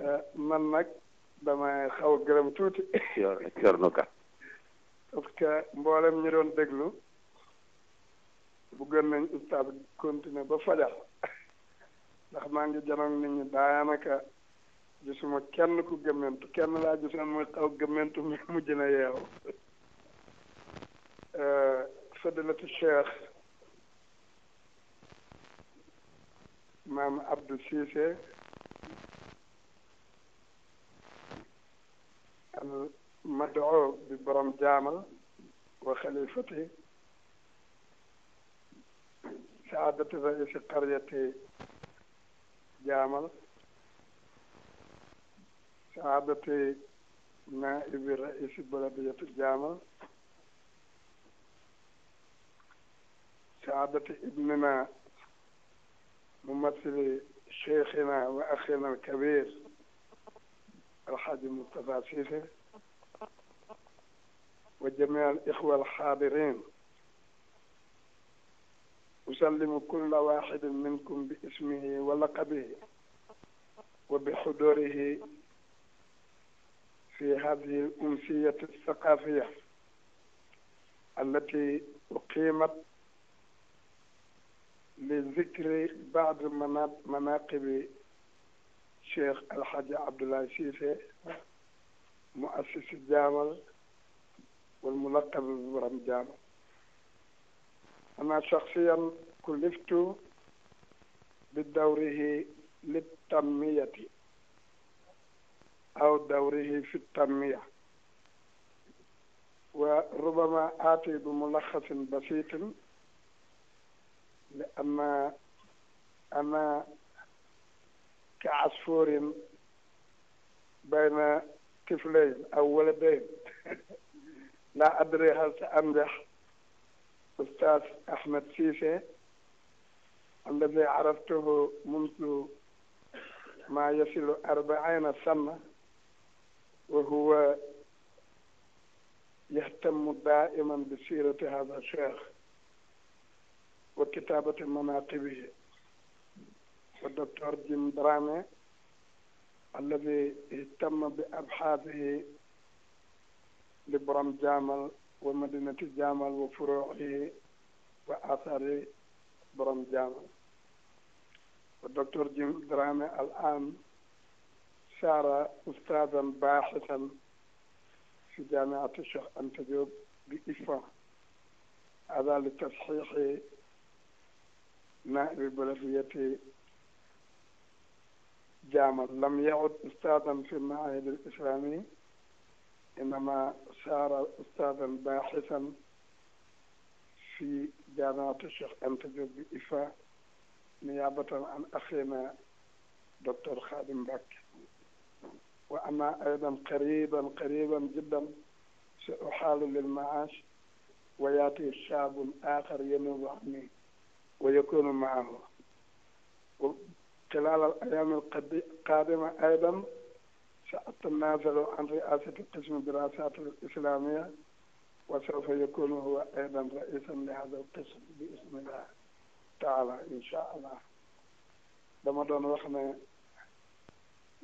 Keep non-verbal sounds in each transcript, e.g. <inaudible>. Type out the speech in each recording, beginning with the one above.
Eh, man nag dama xaw a gërëm tuuti. yor yornu ka. parce mboolem ñu doon déglu bu nañ ustaas bi continuer ba fajar ndax maa ngi janoog nit ñi daanaka gisuma kenn ku gëmmentu kenn laa gisoon mooy xaw gëmmentu mi mujj na yeewu eh, fadilatu cheikh maam abdu Cissé al madoo bi borom jaamal wa xalifati saadati raisi qaryati jaamal saadati naibi raisi baladiyati jaamal saadati ibnina mumathili cheikhina wa axina alkabir alxaaji Moustapha Cissé wa jamii al ixwa alxaadirin usallimu kulla waxidin minkum bi ismihi wa laqabihi wa bi xudurihi fi hadihi al umsiyati alsaqafiya allati uqimat li zikri baad manaaqibi cheikh alxaaji abdoulaye siise mu assisi jaamal wal mulaqab bi borom jaamal ana shaxsiyan kuliftu bi dawrihi li tammiyati aw dawrihi fi tammiya wa rubama aati bi mulaxasin basitin li anna ana ka asfuurin bayna kiflayn aw waladayn laa adri hal sa amdax ustaas Ahmed Cissé alladi araftuhu mundu maa yasilu arbaina sana wa huwa yahtamu daiman bi siirati hada cheikh wa kitaabati manaqibihi docteur Jim Dramé الذي اهتم بأبحاثه لبرم جامل ومدينة جامل وفروعه وآثار برم جامل والدكتور جيم درامي الآن صار أستاذا باحثا في جامعة الشيخ أنت جوب بإفا هذا لتصحيح نائب بلدية jaamal lam yaud ustaadan fi maahid al islami innama saara ustaadan baaxisan fi jaamaatu Cheikh Anta Diop bi IFA niyaabatan an axina docteur Khadim Mbacke wa ana aydan qariban qariban jiddan sa uxaalu lil maash wa yaati shaabun aaxar yanuubu anni wa yakunu maahu خلال الأيام القادمة أيضا سأتنازل عن رئاسة قسم الدراسات الإسلامية وسوف يكون هو أيضا رئيسا لهذا القسم بإذن الله تعالى إن شاء الله dama doon wax ne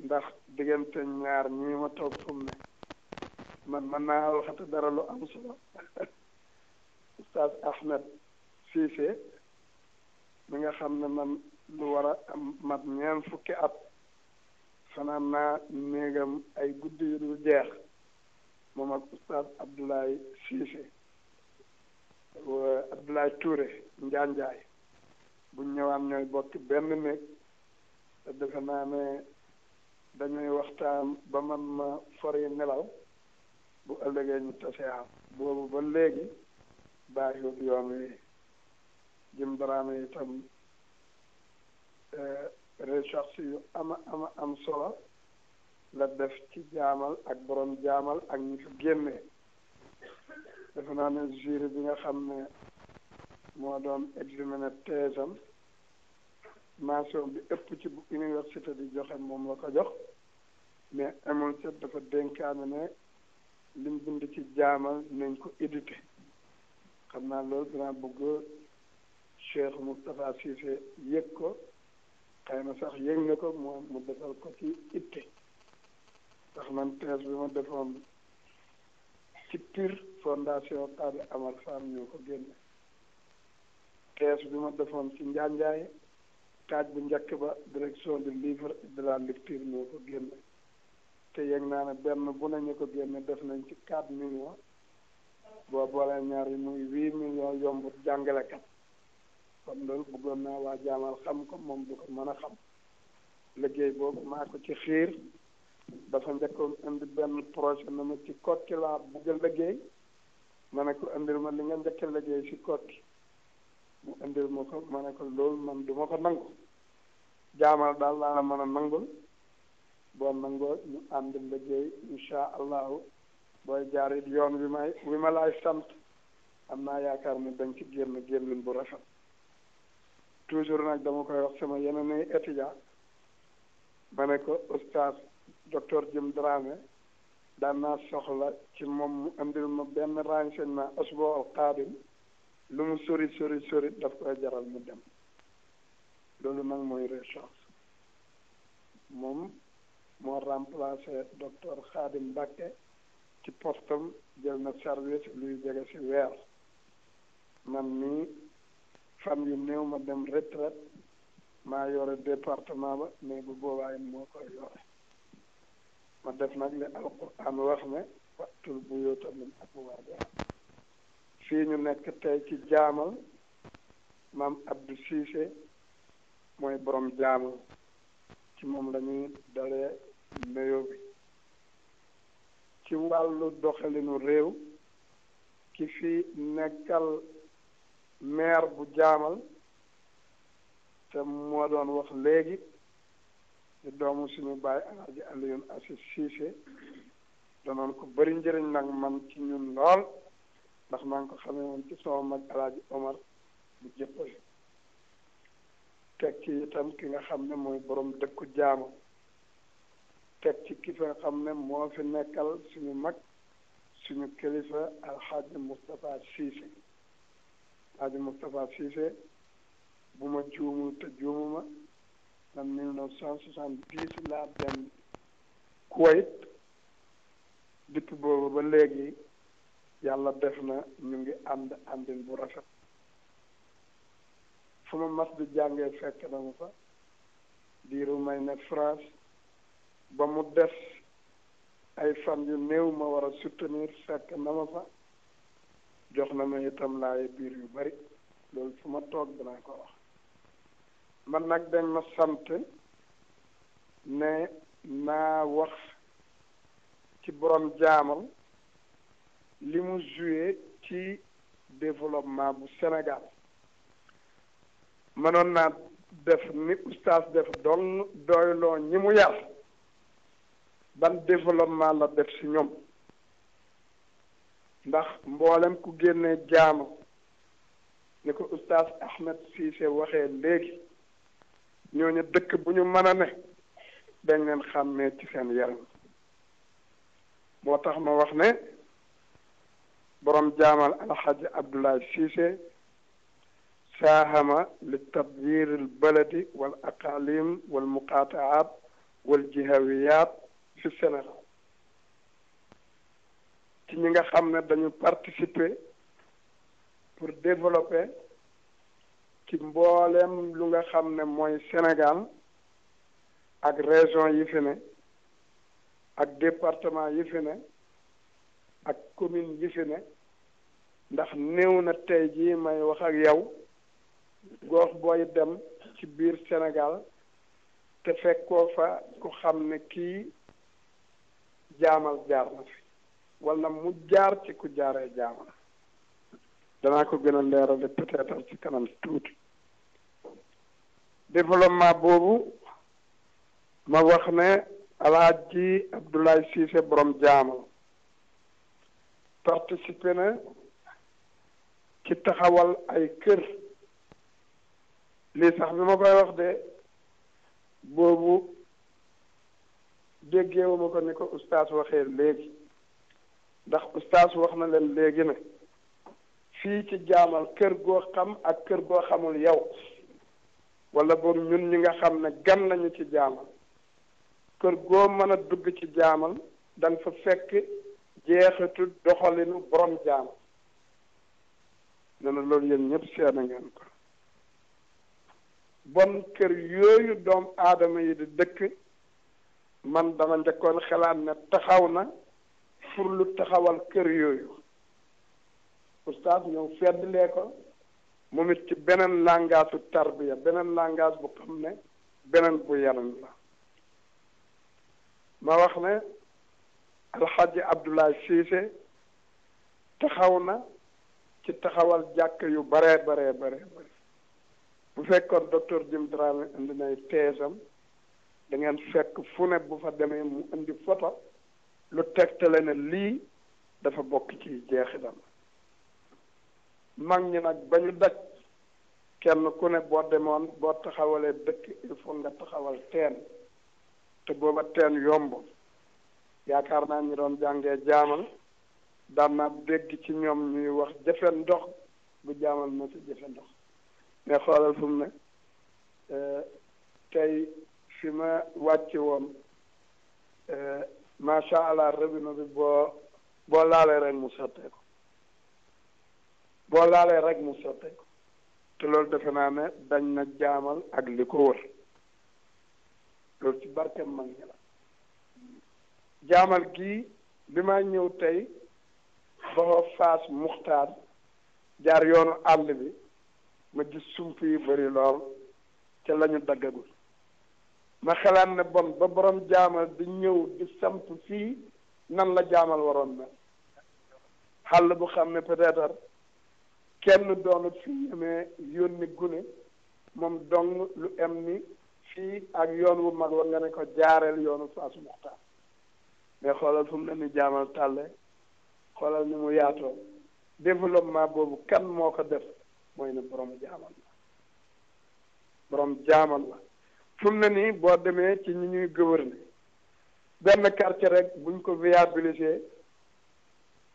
ndax diggante ñaar ñii ma toog fu mu ne man mën naa waxate dara lu am solo Oustaz Ahmed Cissé mi nga xam ne man lu war a am mat ñeent fukki at fanaan naa néegam ay guddi yu dul jeex moom ak ustaas Abdoulaye Cissé Abdoulaye Touré Njaanjaay buñ ñëwaan ñooy bokk benn néeg te defe naa ne dañuy waxtaan ba man ma fori nelaw bu ëllëgee ñu tasee boobu ba léegi bàyyiwut yoon wi jim itam Eh, recherche yu ama ama am solo la def ci jaamal ak borom jaamal ak ñu fi génnee defe naa ne jury bi nga xam ne moo doon examiné thèse am mention bi ëpp ci bu université di joxe moom la ko jox mais amul ca dafa dénkaane ne lim bind ci jaamal nañ ko édité xam naa loolu dinaa bëgg Cheikh Moustapha Cissé yëg ko xëy na sax yëg na ko moom mu defal ko ci itte ndax man thèse bi ma defoon ci Pire fondation Tade Amar Fall ñoo ko génne thèse bi ma defoon ci Njaanjaay taaj bu njëkk ba direction du livre et de la ko génne te yëg naa ne benn bu nañu ko génne def nañ ci quatre millions boo boolee ñaar yi muy huit millions yombut jàngalekat kon loolu bëggoon naa waa jaamal xam ko moom du ko mën a xam liggéey boobu maa ko ci xiir dafa njëkkoon indi benn projet na ma ci kokki laa bëgg a liggéey ma ne indil ma li nga njëkk a liggéey si mu indil ma ko ma ne ko man du ma ko nangu jaamal daal la mën a nangul boo nangoo ñu ànd liggéey incha allahu booy yoon wi may wi ma sant am naa yaakaar ne dañ ci génn génnin bu rafet toujours nag dama koy wax sama yeneen ay étudiant ma ne ko oustaz docteur Jim Dramé daan naa soxla ci moom mu andil ma benn renseignement asbo al qaadim lu mu sori sori sori daf koy jaral mu dem loolu nag mooy recherche moom moo remplacé docteur Khadim Mbacké ci postam jël na service luy jege ci weer man nii fan yu néew ma dem retraite maa yore département ba mais bu boobaay moo koy yore ma def nag li alquran wax ne waxtul bu yoota min abwaabiha fii ñu nekk tey ci jaamal maam Abdou Cissé mooy borom jaamal ci moom la ñuy dalee bi ci wàllu doxalinu réew ki fi nekkal maire bu jaamal te moo doon wax léegi doomu suñu bàyyi alaaji Alioune Assis Cissé danoon ko bëri njëriñ nag man ci ñun lool ndax maa ngi ko xamee woon ci sama mag alaaji Omar bu jëppale teg ci itam ki nga xam ne mooy borom dëkku jaamal teg ci ki nga xam ne moo fi nekkal suñu mag suñu kilifa alxaaji Moustapha Cissé Hadji Moustapha Cissé bu ma juumul te juumuma la 1970 laa dem Kuwait depuis boobu ba léegi yàlla def na ñu ngi ànd àndin bu rafet fu ma mas di jàngee fekk na ma fa diiru may ne France ba mu def ay fan yu néew ma war a soutenir fekk na ma fa jox na ma itam laay biir yu bari loolu fu ma toog dinaa ko wax man nag dañ ma sant ne naa wax ci borom jaamal li mu joué ci développement bu Sénégal mënoon naa def ni oustaz def doon doyloo ñi mu yar ban développement la def ci ñoom ndax mboolem ku génne jaamu ni ko oustaz Ahmed Cissé waxee léegi ñooñu dëkk bu ñu mën ne dañ leen xàmmee ci seen yaram moo tax ma wax ne borom jaamal alxaji Abdoulaye Cissé saahama li tadbir al baladi wal aqalim wal muqataat wal jihawiyaat fi Sénégal ci ñi nga xam ne dañu participer pour développer ci mbooleem lu nga xam ne mooy Sénégal ak région yi fi ne ak département yi fi ne ak commune yi fi ne ndax néew na tey jii may wax ak yow gox booy dem ci biir Sénégal te fekkoo fa ku xam ne kii jaamal jaar na fi wala mu jaar ci ku jaaree jaamam danaa ko gën a leerale peut ci kanam tuuti développement boobu ma wax ne alaaji Abdoulaye Cissé boroom jaamal participer na ci taxawal ay kër lii sax bi ma koy wax de boobu déggeewuma ko ni ko oustaz waxee léegi ndax ustaas wax na leen léegi na fii ci jaamal kër goo xam ak kër goo xamul yow wala boobu ñun ñi nga xam ne gan lañu ci jaamal kër goo mën a dugg ci jaamal da fa fekk jeexitu doxalinu borom jaamal nee na loolu yéen ñëpp seena ngeen ko bon kër yooyu doom aadama yi di dëkk man dama njëkkoon xalaat ne taxaw na pour lu taxawal kër yooyu oustaz ñëw feddlee ko moom it ci beneen langage tarbiya beneen langage bu xam ne beneen bu yaram la ma wax ne alxaaji Abdoulaye Cissé taxaw na ci taxawal jàkk yu bare bare bare bu fekkoon docteur Jim Dramé indi nay teesam da ngeen fekk fu ne bu fa demee mu indi photo lu tegtale ne lii dafa bokk ci jeexital mag ñi nag ba ñu daj kenn ku ne boo demoon boo taxawalee dëkk il faut nga taxawal teen te booba teen yomb yaakaar naa ñu doon jàngee jaamal daan naa dégg ci ñoom ñuy wax jëfe ndox bu jaamal na ci jëfe ndox mais xoolal fu ne euh, tey fi ma wàcce woon euh, macha allah rabino bi boo boo laalee rek mu sotteeku boo laalee rek mu sotteeku te loolu defe naa ne dañ na jaamal ak li ko wër loolu ci barkeem mag ñi la jaamal gii bi ma ñëw tey ba faas muxtaar jaar yoonu àll bi ma gis sump yi bëri lool ca lañu daggagul ma xalaat ne bon ba borom jaamal di ñëw di samp fii nan la jaamal waroon na xàll bu xam ne peut kenn doonut fi ñemee yónni gune moom dong lu em ni fii ak yoon wu mag wa nga ne ko jaareel yoonu Fass Muxtaar mais xoolal fu mu ne ni jaamal tàlle xoolal ni mu yaatoo développement boobu kan moo ko def mooy ne borom jaamal la jaamal la fun na ne nii boo demee ci ñi ñuy gouverner benn quartier rek buñ ko viabiliser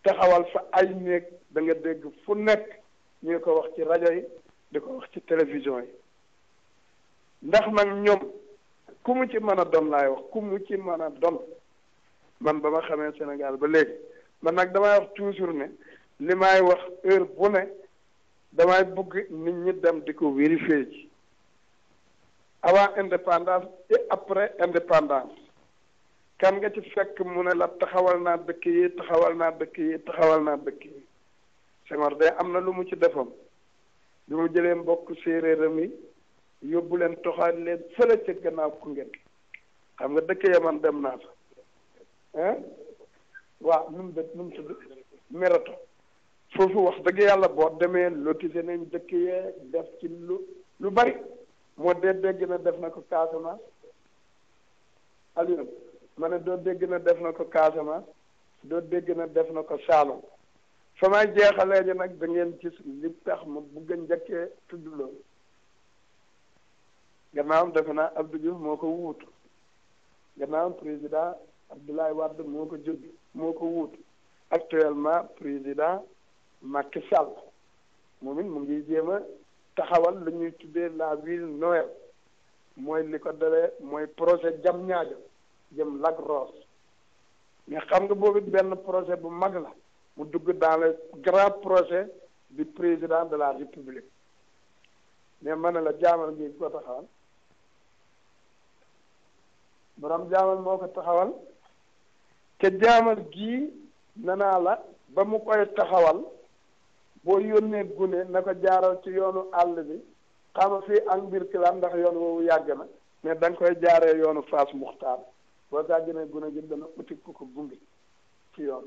taxawal fa ay néeg danga nga dégg fu nekk ñu ngi ko wax ci rajo yi di ko wax ci télévision yi ndax nag ñoom ku mu ci mën a doon laay wax ku ci mën a doon man ba ma xamee Sénégal ba léegi man nag damay wax toujours ne li may wax heure bu ne damay bugg nit ñi dem di ko vérifier ji avant indépendance et après indépendance kan nga ci fekk mu ne la taxawal naa dëkk yi taxawal naa dëkk yi taxawal naa dëkk yi am na lu mu ci defoon bi mu jëlee mbokk séeréeram yi yóbbu leen toxaat leen fële ca gannaaw Koungheul xam nga dëkk ya man dem naa fa ah waaw nu mu dëkk nu mu tudd Merato foofu wax dëgg yàlla boo demee lotise nañ dëkk yee def ci lu lu bari moo dee dégg na def na ko Casamance Alioune ma ne doo dégg na def na ko Casamance doo dégg na def na ko Saalum fa may jeexalee ji nag da ngeen gis li tax ma bugg a njëkkee tudd loolu gannaawam defe naa Abdou Diouf moo ko wuutu gannaawam président Abdoulaye Wade moo ko jóg moo ko wuutu actuellement président Macky Sall moom it mu ngi jéem a taxawal lu ñuy tuddee la ville Noël mooy li ko dalee mooy projet jam ñaajo jëm Lac Rose mais xam nga boobu benn projet bu mag la mu dugg dans le grand projet du président de la république mais ma ne la jaamal gi ko taxawal borom jaamal moo ko taxawal te jaamal gii nanaa la ba mu koy taxawal boo yónnee gune na ko jaaral ci yoonu àll bi xama fii ak mbir ki la ndax yoon wow yàgg na mais da koy jaaree yoonu Fass Muxtaar boo ne gune gi dana uti ku ko gunge ci yoon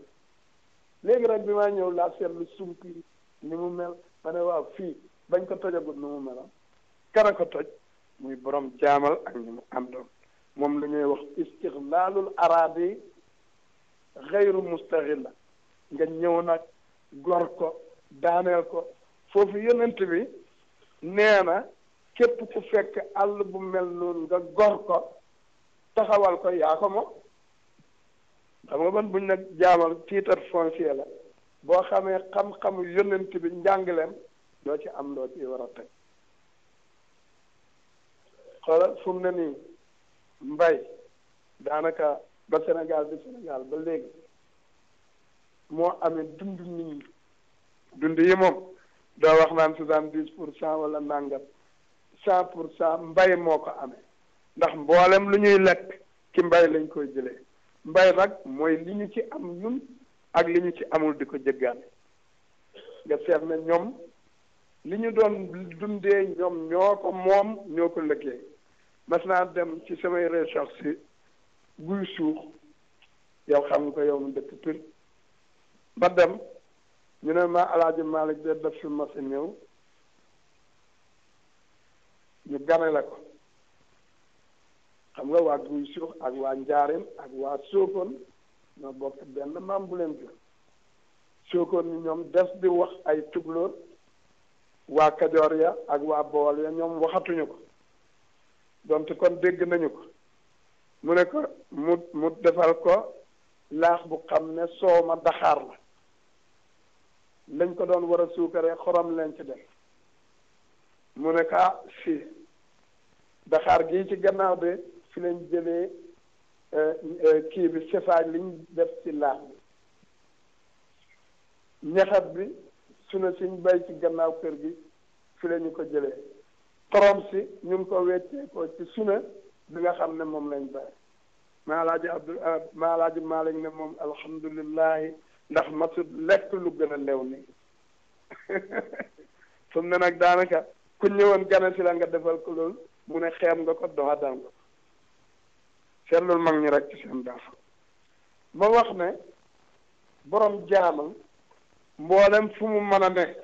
léegi rek bi maa ñëw laa seetlu sump yi ni mu mel ma ne waaw fii bañ ko tojagul ni mu melam kan a ko toj muy borom jaamal ak ñi mu àndoon moom la ñuy wax istixlaalul araadi xayru la nga ñëw nag gor ko daaneel ko foofu yonent bi nee na képp ku fekk àll bu mel noonu nga gor ko taxawal ko yaa ko moom xam nga man buñ nag jaamal tiitar foncier la boo xamee xam-xamu yonent bi njàngaleem doo ci am loo ci war a teg xoolal fu mu ne nii mbay daanaka ba Sénégal bi Sénégal ba léegi moo amee dundu nit ñi dund yi moom doo wax naan soixante dix pour cent wala nangam cent pour cent mbay moo ko amee ndax mboolem lu ñuy lekk ki mbay lañ koy jëlee mbay nag mooy li ñu ci am ñun ak li ñu ci amul di ko jëggaane nga seet na ñoom li ñu doon dundee ñoom ñoo ko moom ñoo ko lëggee mas naa dem ci samay recherche guy suux yow xam nga ko yow mu dëkk Pire ma dem ñu ne ma alaaji Malick de def su ma si ñëw ñu gane la ko xam nga waa guy suux ak waa njaarim ak waa sookoon ñoo bokk benn maam bu leen jur sookoon ni ñoom des bi wax ay tukulóor waa kajoor ya ak waa bool ya ñoom waxatuñu ko donte kon dégg nañu ko mu ne ko mu mu defal ko laax bu xam ne soow ma daxaar la lañ ko doon war a suukaree xorom leen ci def mu ne ka si daxaar gii ci gannaaw bi fi lañ jëlee eh, eh, kii bi sefaaj liñ def ci laax bi ñaxat bi su ne siñ bay ci gannaaw kër gi fi lañu ko jële xorom si ñu ngi ko weccee ko ci suna bi nga xam ne moom lañ bàyyi maalaaji abdul eh, maalaaji maalik ne moom alhamdulillahi ndax masut lekk lu gën a lew ni su mu ne nag daanaka ku ñëwoon gana si la nga defal ko loolu mu ne xeem nga ko doxa daan nga ko seetlul mag ñi rek ci seen daaf ba wax ne borom jaamal mboolem fu mu mën a nekk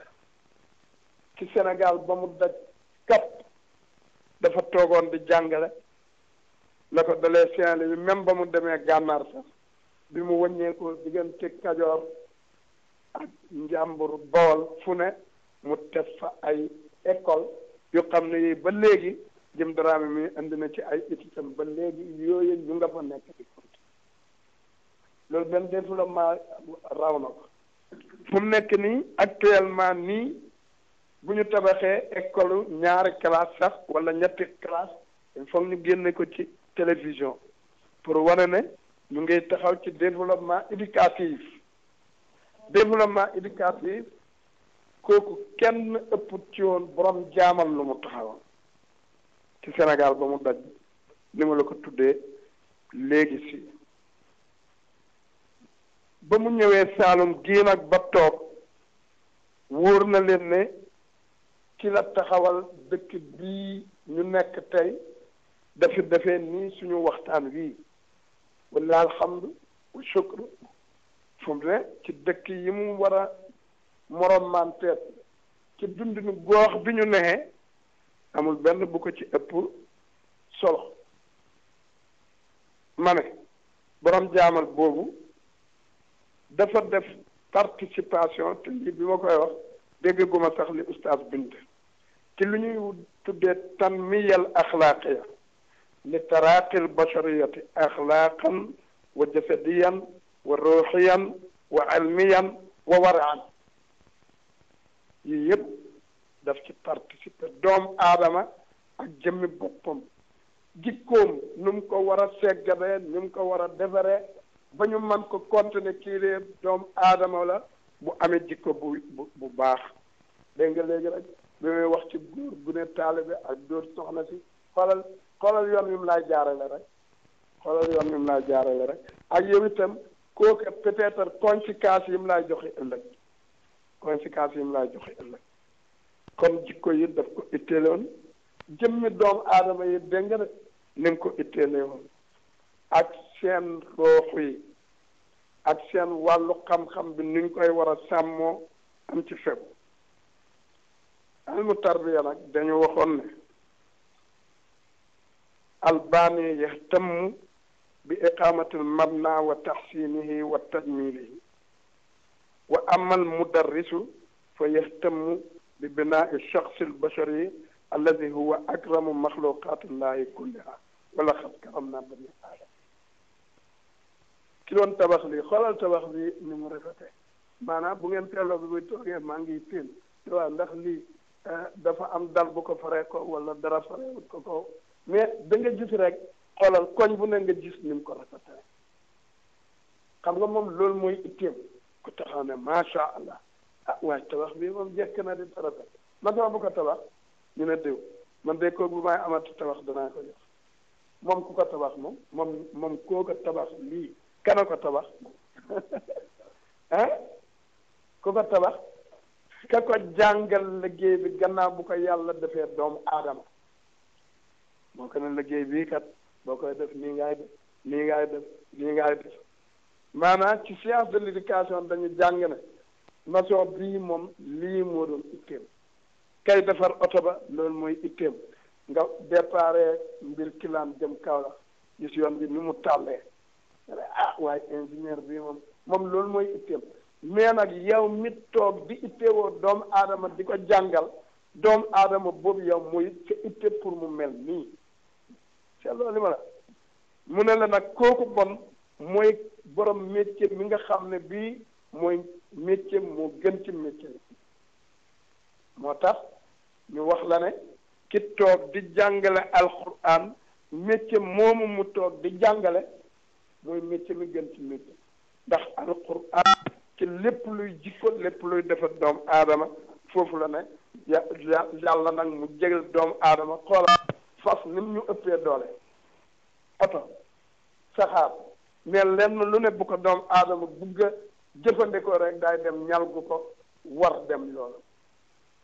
ci Sénégal ba mu daj kapp dafa toogoon di jàngale la ko dalee Saint-Louis même ba mu demee gànnaar sax bi mu wàññeekoo diggante Kajoor ak Njàmbur Bawol fu ne mu teg fa ay école yu xam ne yi ba léegi jëm Daraame mi indi na ci ay étudiants ba léegi yooyu ñu nga fa nekk loolu benn développement raw na ko fu mu nekk nii actuellement nii bu ñu tabaxee école ñaari classe sax wala ñetti classe il ñu génne ko ci télévision pour wane ne ñu ngi taxaw ci développement éducatif développement éducatif kooku kenn ëpp ci woon borom jaamal lu mu taxawal ci Sénégal ba mu daj ni ma la ko tuddee léegi si ba mu ñëwee Saalum gii nag ba toog wóor na leen ne ci la taxawal dëkk bii ñu nekk tey dafi defee nii suñu waxtaan wii walla alhamdu wa ci dëkk yi mu war a morom manteet ci dundinu goox bi ñu nexee amul benn bu ko ci ëpp solo ma ne borom jaamal boobu dafa def participation te lii bi ma koy wax dégg guma sax li oustaz bind ci lu ñuy tuddee tanmiyal axlaaqiya li taraaqi albashariyati axlaaqan wa jasadiyan wa ruuxiyan wa almiyan wa waraan yii yëpp daf ci participer doom aadama ak jëmmi boppam jikkoom nu mu ko war a seggadee nu mu ko war a defaree ba ñu mën ko continuer kii dee doom aadama la bu amee jikko bu bu baax dégg nga léegi rek bi muy wax ci góor gu ne ak góor soxna si xoolal xoolal yoon wi mu laa jaarale rek xoolal yoon wi mu laa jaarale rek ak yow itam kooku peut-être conséquences yi mu laa joxe ëllëg conséquences yi mu laa joxe ëllëg kon jikko yi daf ko itteeloon jëmmi doomu aadama yi dégg nga de ni mu ko itteeloon ak seen roox yi ak seen wàllu xam-xam bi ni ñu koy war a sàmmoo am ci fegu almu tarbiya nag dañu waxoon ne albaani yahtamu bi iqamati almabna wa taxsinihi wa tajmilihi wa ama almudarrisu fa yahtamu bi binai alchaxsi albashari alladi huwa akramu maxluqaati llahi kulliha wala xad karamna bani aadama ki doon tabax lii xoolal tabax bi ni mu rafetee maanaam bu ngeen teeloo bi muy toogee maa ngi tiin waaw ndax lii eh, dafa am dal bu ko wala dara fareewut mais da nga gis rek xoolal koñ bu ne nga gis ni mu ko rafetee xam nga moom loolu mooy itteem ku taxaw ne macha allah ah waaye tabax bi moom jekk na di rafet man sama bu ko tabax ñu ne déw man de kooku bu may amati tabax danaa ko def moom ku ko tabax moom moom moom koo tabax lii kana ko tabax ah <laughs> ku ko tabax ka ko jàngal liggéey bi gannaaw bu ko yàlla defee doomu aadama moo ko ne liggéey bii kat boo koy def nii ngay def nii ngay def nii ngay def maanaam ci science de l'éducation dañu jàng ne nation bii moom lii moo doon itteem kay defar oto ba loolu mooy itteem nga déparé mbir kilaan jëm Kaolack gis yoon bi ni mu tàllee ah waaye ingénieur bii moom moom loolu mooy itteem mais nag yow mi toog di ittewoo doomu aadama di ko jàngal doomu aadama boobu yow mooy ca itte pour mu mel nii macha li ma mu ne la nag kooku bon mooy borom métier mi nga xam ne bii mooy métier moo gën ci métier moo tax ñu wax la ne ki toog di jàngale alxuraan métier moomu mu toog di jàngale mooy métier mi gën ci métier ndax alxuraan ci lépp luy jikko lépp luy defar doom aadama foofu la ne yàlla nag mu jégal doomu aadama xoola fas nim ñu ëppee doole oto saxaar mais lenn lu ne bu ko doom aadama bugg a jëfandikoo rek daay dem ñal gu ko war dem loolu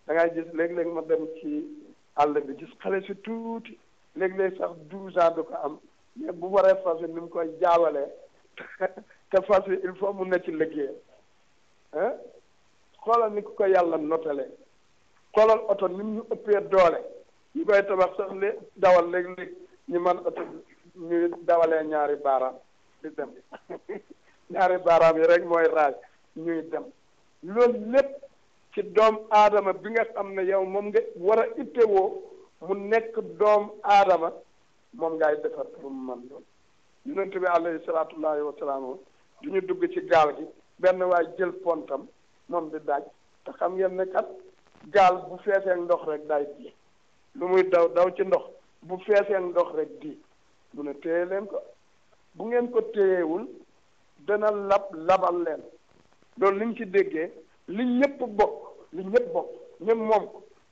dangay ngay gis léeg-léeg ma dem ci àll bi gis xale si tuuti léeg-léeg sax douze ans du ko am mais bu waree fas yi ni mu koy jaawalee <laughs> te fas yi il faut mun na ci liggéey ah xoolal ni ku ko yàlla nottalee xoolal oto ni mu ëppee doole ñu koy tabax sax li dawal léeg-léeg ñu mën oto ñuy dawalee ñaari baaraam di dem <laughs> ñaari baaraam yi rekk mooy raaj ñuy dem loolu lépp ci doom aadama bi nga xam ne yow moom nga war a ittewoo mu nekk doom aadama moom ngay defar pour mu man loolu yonent bi alayhi salaatullahi wa salaamu du ñu dugg ci gaal gi benn waay jël pontam moom di daaj te xam ngeen ne gaal bu feesee ndox rek day di lu muy daw daw ci ndox bu feesee ndox rek di mu ne téye leen ko bu ngeen ko téyewul dana lab labal leen loolu li ñu ci déggee li ñëpp bokk li ñëpp bokk ñëpp moom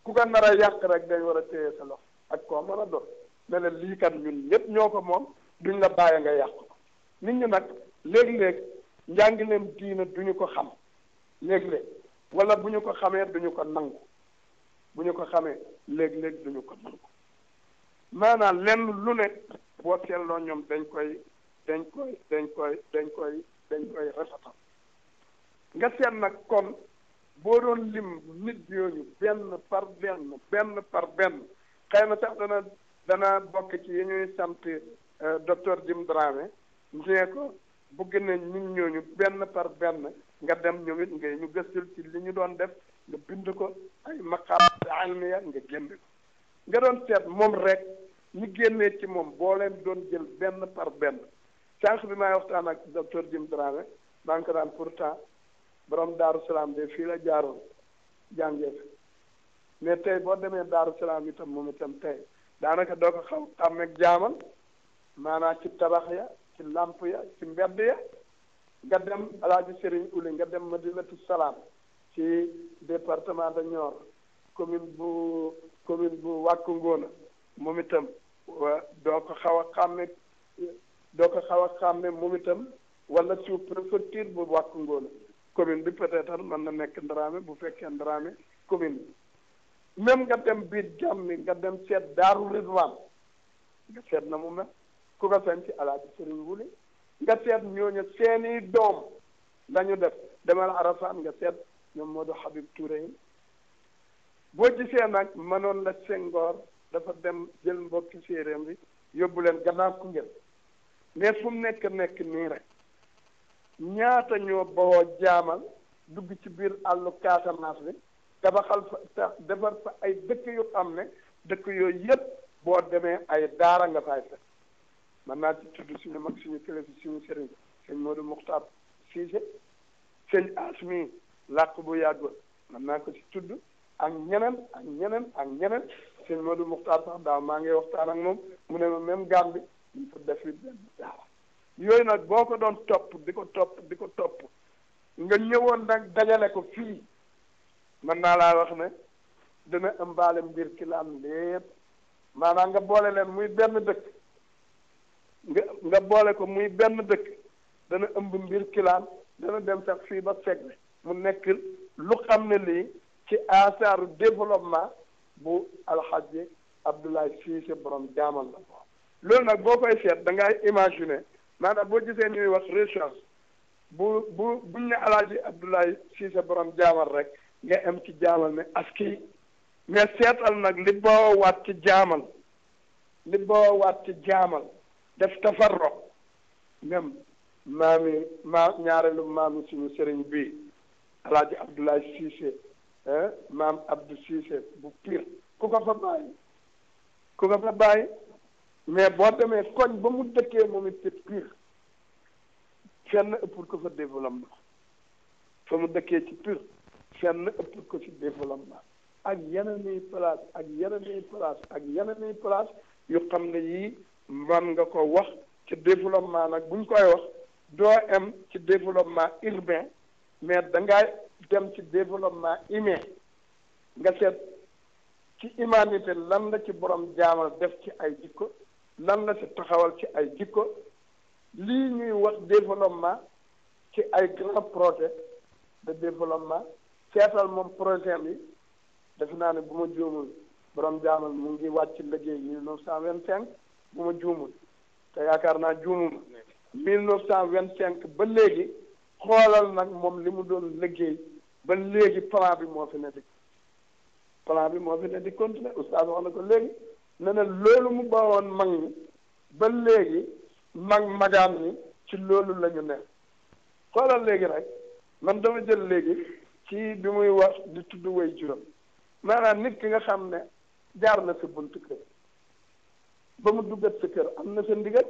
ku ko nar a yàq rek dañ war a téye sa loxo ak koo mën a doon ne leen lii kat ñun ñëpp ñoo ko moom duñ la bàyyi nga yàq ko nit ñi nag léeg-léeg njàngaleem diina duñu ko xam léeg-léeg wala bu ñu ko xamee duñu ko nangu bu ñu ko xamee léeg-léeg duñu ko nangu maanaam lenn lu ne boo seetloo ñoom dañ koy dañ koy dañ koy dañ koy dañ koy rafetal nga seet nag kon boo doon lim nit yooyu benn par benn benn par benn xëy sax dana dana bokk ci yi ñuy sant euh, docteur Jim Dramé ñee ko bëgg nañ nit ñooñu benn par benn nga dem ñoom it nga ñu gëstul ci li ñu doon def nga bind ko ay maqaam almiya nga génn ko nga doon seet moom rekk ñu génne ci moom boo leen doon jël benn par benn sànq bi maay waxtaan ak docteur Jim Dramé maa ngi ko daan Daaru Salaam de fii la jaaroon jàngee fi mais tey boo demee Daaru Salaam itam moom itam tey daanaka doo ko xaw xàmmeeg jaamal maanaa ci tabax ya ci làmp ya ci mbedd ya nga dem alaaji Serigne Uli nga dem Madinatu Salaam ci département de Nioro commune bu commune bu Wàkku Ngóona moom itam doo ko xaw a xàmme doo ko xaw a xàmme moom itam wala sous préfecture bu wàkk ngoona commune bi peut-être mën na nekk Ndramé bu fekkee Ndramé commune bi nga dem biir Jàmmi nga dem seet Daaru Ridwaan nga seet na mu mel ku ko sañ ci alaaji sëriñ wuli nga seet ñooñu seeni doom lañu def demal Arafat nga seet ñoom moo Habib Touré yi boo gisee nag manoon la Senghor dafa dem jël mbokki séeréem bi yóbbu leen gannaaw ku ngeen mais fu mu nekk nekk nii rek ñaata ñoo bawoo jaamal dugg ci biir àllu Casamance bi tabaxal fa defar fa ay dëkk yu xam ne dëkk yooyu yëpp boo demee ay daara nga fay fekk man naa ci tudd suñu mag suñu kilifa suñu sëriñ sëñ Modou Mokhtar Cissé sëñ Asmi làkk bu yàggoon man naa ko ci tudd ak ñeneen ak ñeneen ak ñeneen sëñ Modou Muxtaar sax daaw maa ngi waxtaan ak moom mu ne ma même gàmm bi ñu fa def it benn daara yooyu nag boo ko doon topp di ko topp di ko topp nga ñëwoon nag dajale ko fii mën naa laa wax ne dina ëmbaale mbir ki lépp maanaam nga boole leen muy benn dëkk nga nga boole ko muy benn dëkk dana ëmb mbir kilaan dana dem sax fii ba fekk mu nekk lu xam ne lii ci asaaru développement bu alxaaji Abdoulaye Cissé borom jaamal la loolu nag boo koy seet da ngay imaginer maanaam boo gisee ñuy wax recherche bu bu buñ ne alxaaji Abdoulaye Cissé borom jaamal rek nga am ci jaamal ne aski mais seetal nag li boo waat ci jaamal li boo waat ci jaamal def tafarro même maami maa ñaareelu maami suñu sëriñ bi alxaaji Abdoulaye Cissé Eh, maam Abdou Cissé bu pire ku ko fa bàyyi ku ko fa bàyyi mais boo demee koñ ba mu dëkkee moom it pire fenn ëppul ko fa développement fa mu dëkkee ci pire fenn ëppul ko ci développement ak yeneen i place ak yeneen i place ak yeneen i place yu xam ne yi man nga ko wax ci développement nag buñ koy wax doo am ci développement urbain mais da dem ci développement humain nga seet ci humanité lan la ci borom jaamal def ci ay jikko lan la ci taxawal ci ay jikko lii ñuy wax développement ci ay grand projet de développement seetal moom projet bi def naa ne bu ma juumul borom jaamal mu ngi wàcc liggéey mille neuf cent cinq bu ma juumul te yaakaar naa juumuma mille neuf cent cinq ba léegi xoolal nag moom li mu doon liggéey ba léegi plan bi moo fi ne di plan bi moo di continuer oustaz wax na ko léegi ne loolu mu bawoon mag ñi ba léegi mag magaan ñi ci loolu la ñu ne xoolal léegi rek man dama jël léegi ci bi muy wax di tudd way juróom maanaam nit ki nga xam ne jaar na sa bunt kër ba mu duggat sa kër am na sa ndigal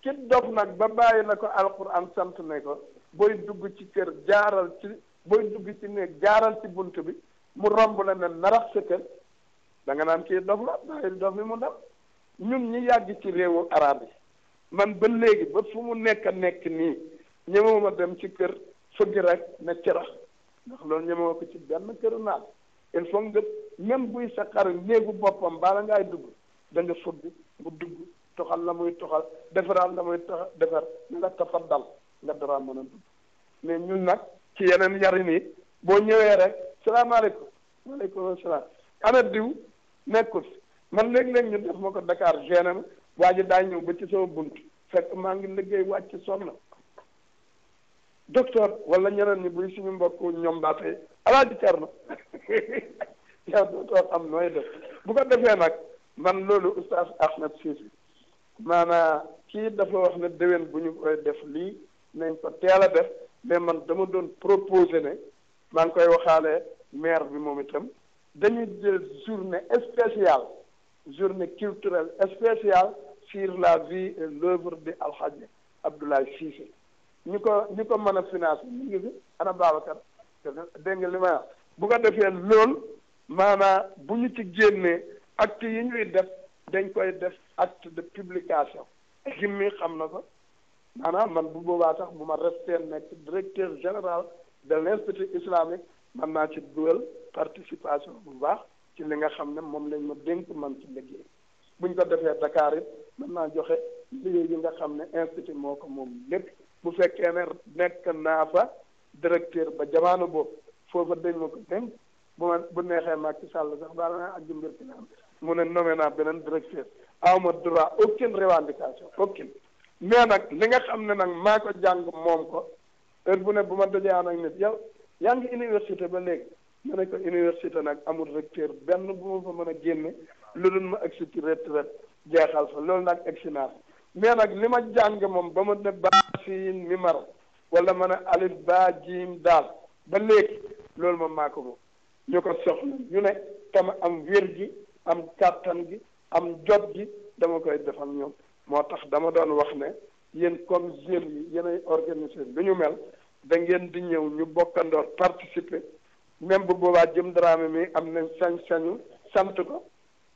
ki dof nag ba bàyyi la ko alquran sant ne ko booy dugg ci kër jaaral ci booy dugg ci néeg jaaral ci bunt bi mu romb la ne narax sa kër da nga naan kii dof la bàyyil dof bi mu dal ñun ñi yàgg ci réewu arab bi man ba léegi ba fu mu nekk a nekk nii ñemewuma dem ci kër fëgg rek ne cërax ndax loolu ñemewuma ko ci benn këru naat il faut nga même buy sa xaru néegu boppam bala ngay dugg da nga fëgg mu dugg toxal la muy toxal defaraat la muy toxal defar ne la tafaddal nga dara mën a dugg mais ñun nag ci yeneen yar yi boo ñëwee rek salaamaaleykum maaleykum salaam ana diw nekkul man léeg-léeg ñu def ma ko Dakar gêné ma waa ji daa ñëw ba ci soow bunt fekk maa ngi liggéey wàcc sonn docteur wala ñeneen ñi buy suñu mbokk ñoom daa tey alaaji Cerno <laughs> yow docteur am nooy def bu ko defee nag man loolu oustaz Ahmed Cissé maanaa kii dafa wax ne déwén bu ñu koy def lii nañ ko teel a def mais man dama doon proposé ne maa ngi koy waxaale maire bi moom itam dañuy jël journée spéciale journée culturelle spéciale sur la vie et l'œuvre de Alhaji Abdoulaye Cissé ñu ko ñu ko mën a financé ñu ngi fi ana Babacar dégg nga bu ko defee lool maanaa bu ñu ci génnee act yi ñuy def dañ koy def act de publication jimmi xam na ko maanaam man bu boobaa sax bu ma resté nekk directeur général de l' institut islamique man naa ci dugal participation bu baax ci li nga xam ne moom lañ ma dénk man ci liggéey buñ ko defee Dakar it naa joxe liggéey yi nga xam ne institut moo ko moom lépp bu fekkee ne nekk naa fa directeur ba jamaano boobu foofa dañ ma ko dénk bu ma bu neexee Macky Sall sax daal naa ak mbir ki mu ne nommé naa beneen directeur awma droit aucune revendication mais nag li nga xam ne nag maa ko jàng moom ko heure bu ne bu ma dajaan ak nit yow yaa ngi université ba léegi ma ne ko université nag amul recteur benn bu ma fa mën a génne lu dul ma agsi ci retraite jeexal fa loolu nag agsi naa mais nag li ma jàng moom ba ma ne baasiin mi mar wala ma ne alif baa jiim daal ba léegi loolu moom maa ko moom ñu ko soxla ñu ne tam am wér gi am kàttan gi am jot gi dama koy defal ñoom moo tax dama doon wax ne yéen comme jeunes yi yéenay organisé lu ñu mel da ngeen di ñëw ñu bokkandoor participer même bu boobaa jëm Dramé mii am nañ sañ-sañu sant ko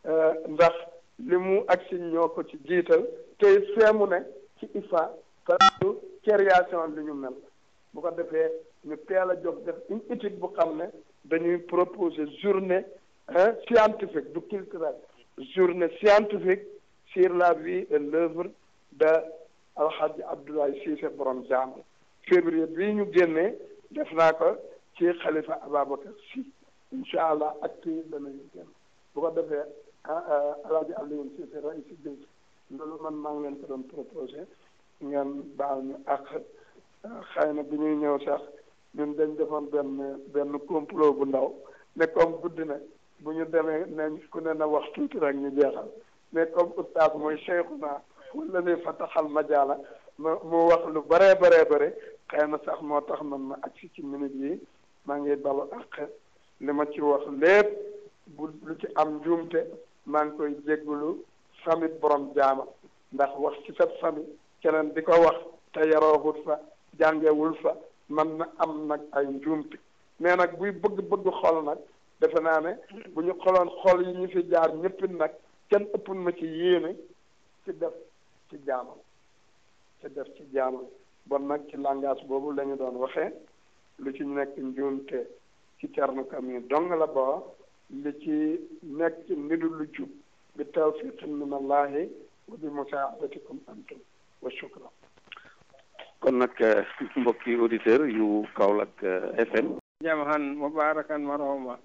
euh, ndax li mu ak si ñoo ko ci jiital tey feemu ne ci IFA parce création li ñu mel bu ko defee ñu teel a jóg def une étude bu xam ne dañuy proposer journée scientifique du culturel journée scientifique sur la vie et l'œuvre de Alxaaji Abdoulaye Cissé borom jaam février bii ñu génnee def naa ko ci xalifa Ababacar si incha allah ak kii danañu génn bu ko defee ah, ah, alaaji Alioune Cissé ray si loolu man maa ngi leen doon proposé ngeen baal ñu ak xëy na bu ñuy ñëw sax ñun dañ defoon benn benn complot bu ndaw ne guddi nag bu ñu demee nañ ku ne na wax tuuti rek ñu jeexal mais comme oustaz mooy cheikhuna wala ne fataxal majaala ma mu wax lu bëree bëree bëri xëy na sax moo tax man ma ak ci minute yi maa ngi balu àq li ma ci wax lépp bu lu ci am njuumte maa ngi koy jéggulu famille borom jaama ndax wax ci sa famille keneen di ko wax te yaroowut fa jàngewul fa man na am nag ay njuumte mais nag buy bëgg-bëgg xol nag defe naa ne bu ñu xooloon xool yi ñu fi jaar ñëppit nag kenn ëppul ma ci yéene ci def ci jaamam ci def ci jaamam bon nag ci langage boobu la doon waxee lu ci nekk njuumte ci terme kami dong la ba li ci nekk nidu lu jub bi tawfiqin min allahi wa bi musaadatikum antum wa shukra kon nag eh, mbokki auditeur yu Kaolack eh, FM jamahan mubarakan marhuma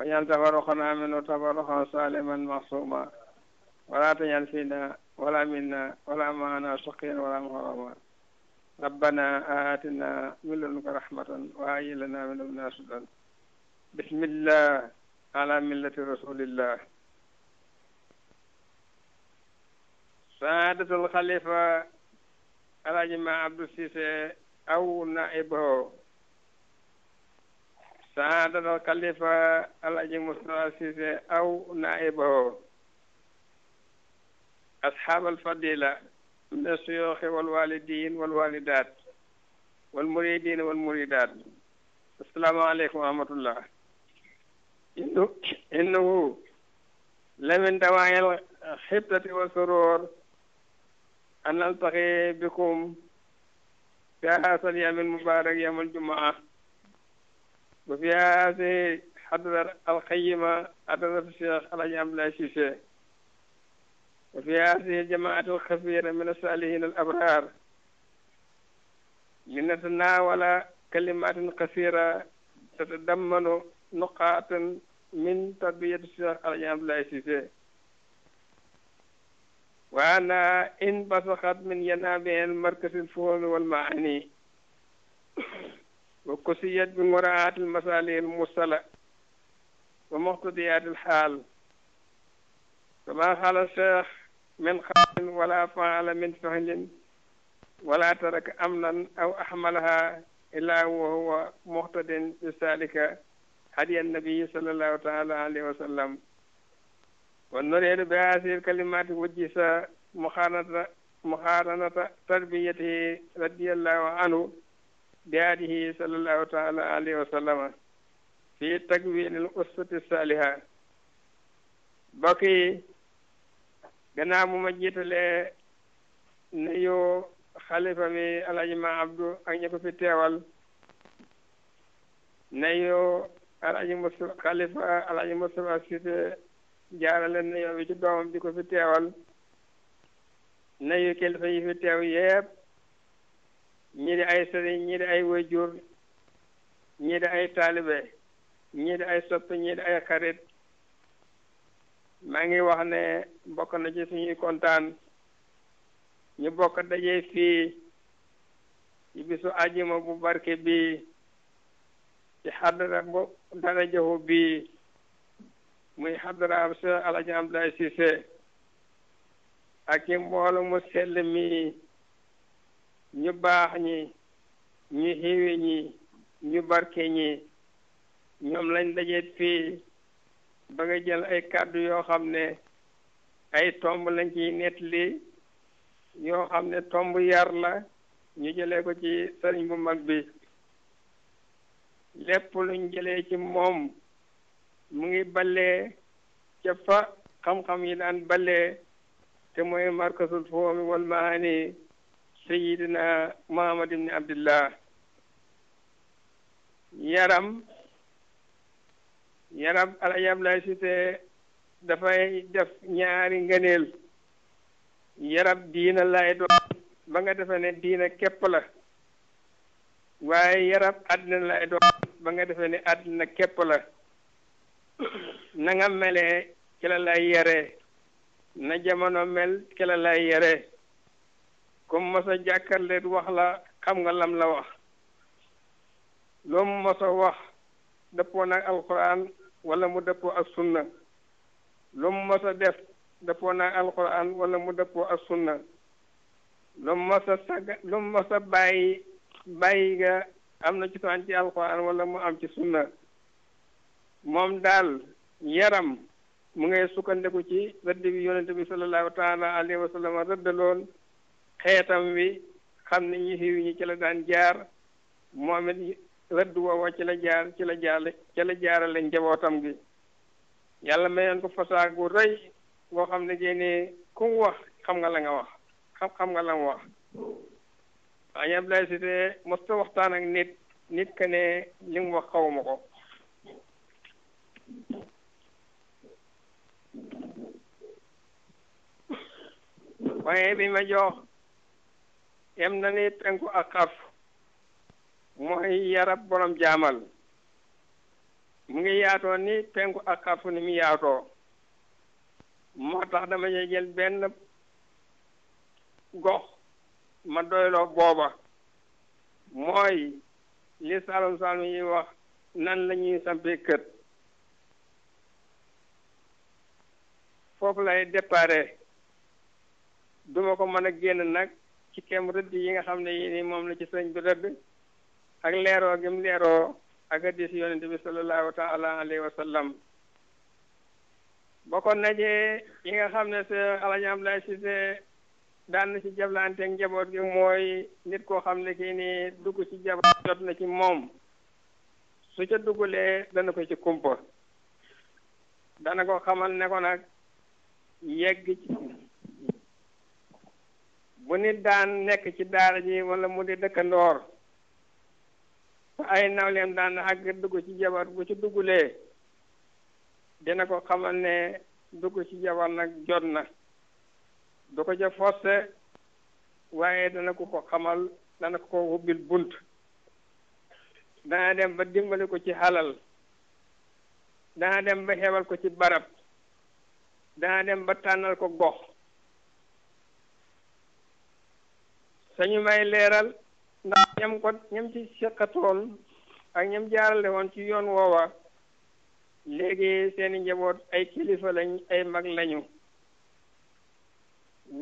واجعل تفرقنا منه تفرقا سالما معصوما ولا تجعل فينا ولا منا ولا معنا شقيا ولا مغرما ربنا آتنا من لدنك رحمة وهيئ لنا من لدنا رشدا بسم الله على ملة رسول الله سعادة الخليفة الأجمع عبد السيسي أو نائبه saadatal kalifa alaji Moustapha Cissé aw naibaho ashaabal fadila mina suyooxi wal walidin wal walidaat wal muridin wal muridaat assalaamu aleykum wa rahmatullah innu innahu lamin xibtati wa surur an bikum fi haasal yamin mubarak yamal jumaa ba fi haasee xadra alqayima adrat cheikh alhaji abdoulaye Cissé wa fi haasee jamaatu alxabira min asalihin al abrar لنتناول كلمات قصيرة تتضمن نقاط من تربية الشيخ الجامع العسيسي وأنا إن بصقت من ينابيع المركز الفهول والمعاني وكسيت بمراعاة المسالي المرسلة ومقتضيات الحال فما فعل الشيخ من قول ولا فعل من فعل ولا ترك أملا أو أحملها إلا وهو مقتد بذلك هدي النبي صلى الله تعالى عليه وسلم ونريد بهذه الكلمات وجس مقارنة مقارنة تربيته رضي الله عنه bihaadihi sallallahu taala alayhi wa sallama fi takwinil ustati saaliha bokk yi gannaaw bu ma jiitalee nuyu xalifa bi alaji ma abdu ak ñi ko fi teewal nuyu alaji mustafa xalifa alaji mustafa site jaarale nuyu bi ci doomam bi fi teewal nuyu kilifa yi fi teew yépp ñii di ay sëriñ ñii di ay wayjur ñii di ay taalibe ñii di ay soppe ñii ay xarit maa ngi wax ne bokk na ci suñuy kontaan ñu bokk daje fii ci bisu ajima bu barke bii ci xadara bu dara joxu bii muy xadara ab Seex Alaaji Abdoulaye Cissé ak ci mboolo mu sell ñu baax ñi ñu xiiwe ñi ñu barke ñi ñoom lañ dajeet fii ba nga jël ay kàddu yoo xam ne ay tomb lañ ciy nettali yoo xam ne tomb yar la ñu jële ko ci sëriñ bu mag bi lépp luñ jëlee ci moom mu ngi ballee ca fa xam-xam yi daan ballee te mooy markasul foomi wal maani sayyidina muhammad ibn abdillah yaram yaram alayam lay cité dafay def ñaari ngëneel yarab diina lay doon ba nga defee ne diina képp la waaye yarab àddina lay doon ba nga defe ne àddina képp la na nga melee ci la lay yaree na jamono mel ci la lay yaree comme masa du wax la xam nga lam la wax loom masa wax dëppoo naag alquran wala mu dëppoo ak sunna loom masa def dëppoo naag wala mu dëppoo ak sunna loom masa sàgg loom masa bàyyi bàyyi nga am na ci alquran wala mu am ci sunna moom daal yaram mu ngay sukkandiku ci rëdd bi yonente bi sallallahu taala alayhi wa sallam rëddaloon xeetam wi xam ne ñu xiw ñi ci daan jaar moom it rëdd woowa ci la jaar ci la jaarale ci la jaarale njabootam gi yàlla meyan ko fasaa gu rëy boo xam ne génnee ku mu wax xam nga la nga wax xam xam nga la mu wax waaye Abdoulaye Cissé mos ta waxtaan ak nit nit ka ne li mu wax xawma ko waaye bi ma jox yem na ni penku ak mooy yarab borom jaamal mu ngi yaatoo ni penku ak xarf ni mu yaatoo moo tax dama cee benn gox ma doyloo booba mooy li saalum saalum yi wax nan la ñuy sampee kër foofu lay déparé duma ko mën a génn nag ci kem rëdd yi nga xam ne yi ni moom la ci sëñ bi rëdd ak leeroo gim leeroo ak hadiis yonente bi sallallahu taala alayhi wa bokkoon na ci yi nga xam ne sa alaji Abdoulaye Cissé daan na ci jablante njaboot gi mooy nit koo xam ne kii nii dugg ci jabar jot na ci moom su ca duggulee dana ko ci kumpa dana ko xamal ne ko nag yegg bu nit daan nekk ci daara ji wala mu di dëkkandoor te ay nawleem daan àgg dugg ci jabar bu ci duggulee dina ko xamal ne dugg ci jabar nag jot na du ko ca forcé waaye dana ko ko xamal dana ko ko ubbil bunt dana dem ba dimbali ko ci xalal dana dem ba xewal ko ci barab dana dem ba tànnal ko gox dañu may leeral ndax ñam ko ñam ci seqatoon ak ñam jaarale woon ci yoon woowa léegi seeni njaboot ay kilifa lañ ay mag lañu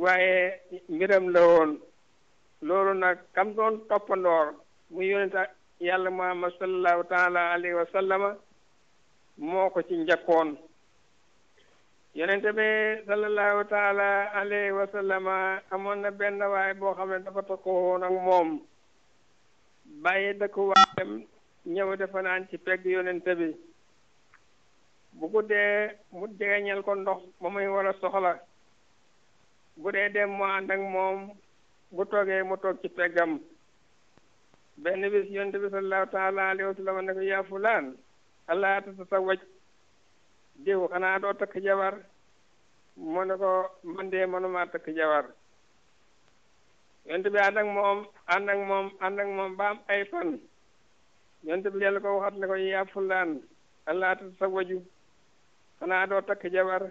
waaye mbiram la woon loolu nag kam doon toppandoor mu yonent yàlla muhammad sallallahu taala alayhi wa sallama moo ko ci njakkoon yonente bi sallallahu taala alayhi wa amoon na benn waay boo xam ne dafa takkoo nag moom bàyyi dëkkuwaayam ñëw dafa naan ci pegg yonente bi bu guddee mu jegeñal ko ndox ma muy war a soxla bu dee dem mu ànd ak moom bu toogee mu toog ci peggam benn bis yonente bi sallallahu taala alayhi wa sallama yaa fulaan allah sa waj diw xanaa doo takk jabar mu ne ko man de mënuma takk jabar yont bi ànd moom ànd moom ànd ay fan yont bi dellu ko waxat ne ko yaa fulaan allah tasawaju xanaa doo takk jabar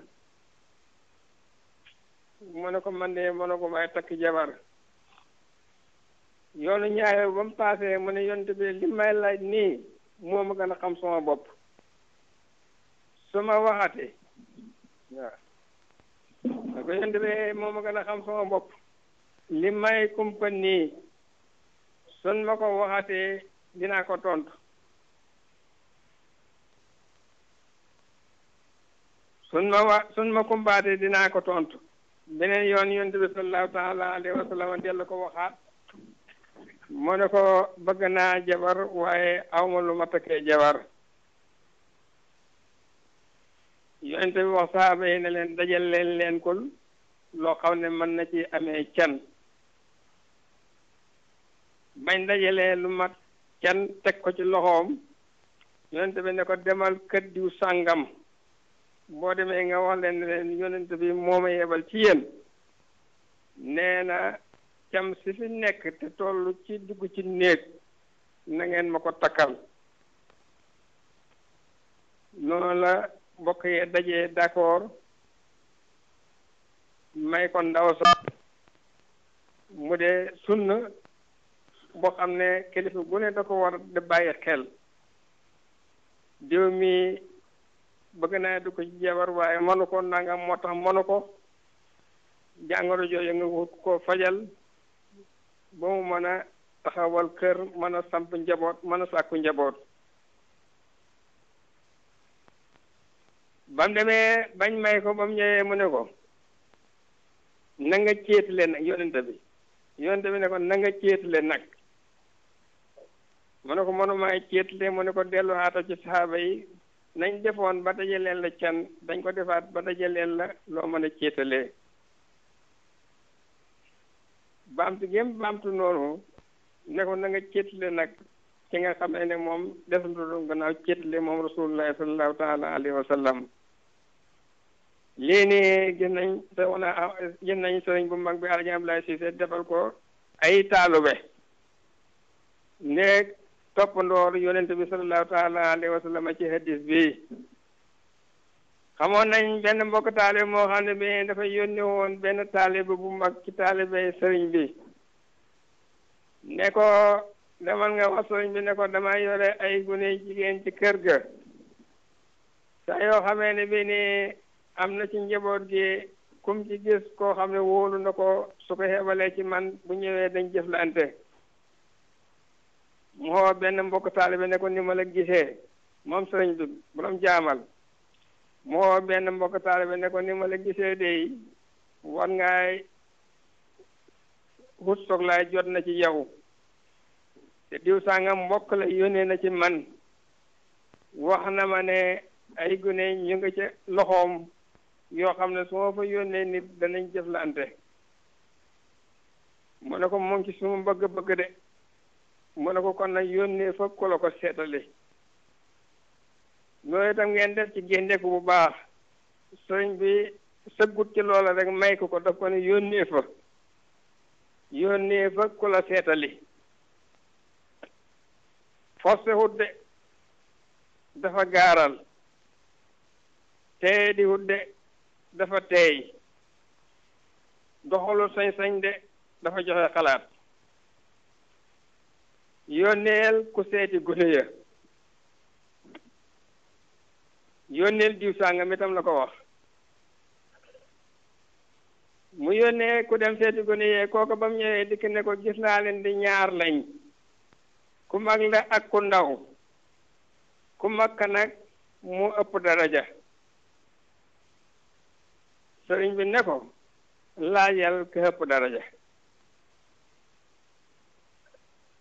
mu ne ko man de mënuma takk jabar yoonu ñaareel ba mu paasee mu ne yont bi li laaj nii moo ma gën a xam sama bopp su ma waxatee waaw da ko yonent bi moom a gën a xam sama bopp li may kumpa nii sun ma ko waxatee dinaa ko tontu sun ma wa sun ma kumpaatee dinaa ko tontu beneen yoon yonent bi sallallahu taala alayhi wa sallam dellu ko waxaat mu ne ko bëgg naa jabar waaye awma lu ma takkee jabar yonent bi wax saaba yi ne leen dajal leen leen ko loo xam ne mën na ci amee can bañ dajalee lu mat can teg ko ci loxoom yonent bi ne ko demal kër diw sàngam boo demee nga wax leen ne leen yonent bi moo ma yebal ci yéen nee na cam si fi nekk te toll ci dugg ci néeg na ngeen ma ko takkal noonu mbokk yee dajee d'accord may ko ndaw so mu dee sunna boo xam ne kilifa gu da ko war di bàyyi xel diw mi bëgg naa du ko jabar waaye mënu ko nangam moo tax mënu ko jàngoro jooju nga wut ko fajal ba mu mën a taxawal kër mën a samp njaboot mën a sàkku njaboot ba mu demee bañ may ko ba mu ñëwee mu ne ko na nga céet leen nag yonente bi yonente bi ne ko na nga céet leen nag mu ne ko mënumaay céet leen mu ne ko delluwaata ci saxaaba yi nañ defoon ba dajaleel la can dañ ko defaat ba leen la loo mën a céetalee baamtu gém baamtu noonu ne ko na nga céetale nag ci nga xam ne moom des lu gannaaw céetale moom rasulullahi sallallahu taala alayhi wa sallam lii nii gis nañ soxna gis ah, nañ sëriñ bu mag bi Alaaji Abdoulaye Cissé defal ko ay taalube ne toppandoor yonent bi sallallahu taala alayhi wa sallam ci hadis bi xamoon nañ benn mbokk taalibe moo xam ne bi dafa yónni woon benn taalibe bu mag ci taalibe sëriñ bi ne ko demal nga wax sëriñ bi ne ko dama yore ay gune jigéen ci kër ga saa yoo xamee ne bi nii am na ci njaboot gi kum ci gis koo xam ne wóolu na ko su ko xeebalee ci man bu ñëwee dañ jëflante mu benn mbokk taalibe ne ko ni ma la gisee moom sëriñ bi jaamal mu benn mbokk taalibe ne ko ni ma gisee dey war ngaay xut soxlaay jot na ci yow te diw sàngam mbokk la yónnee na ci man wax na ma ne ay gune ñu ngi ca loxoom yoo xam ne su ma fa yónnee nit danañ jëflante mu ne ko mu ngi ci suma bëgg-bëgg de mu ne ko kon nag yónnee fa ku la ko seetali loolu itam ngeen def ci géndeeku bu baax sëriñ bi sëggut ci loola rek may ko ko daf ko ne yónnee fa yónnee fa ku la seetali forcé de dafa gaaral tee di de dafa teey doxalul sañ-sañ de dafa joxe xalaat yónneel ku seeti gune ya yónneel diw sàngam itam la ko wax mu yónnee ku dem seeti gune yee kooku ba mu ñëwee dikk ne ko gis naa leen di ñaar lañ ku mag la ak ku ndaw ku mag ka nag mu ëpp daraja sëriñ bi ne ko laajal ka ëpp daraja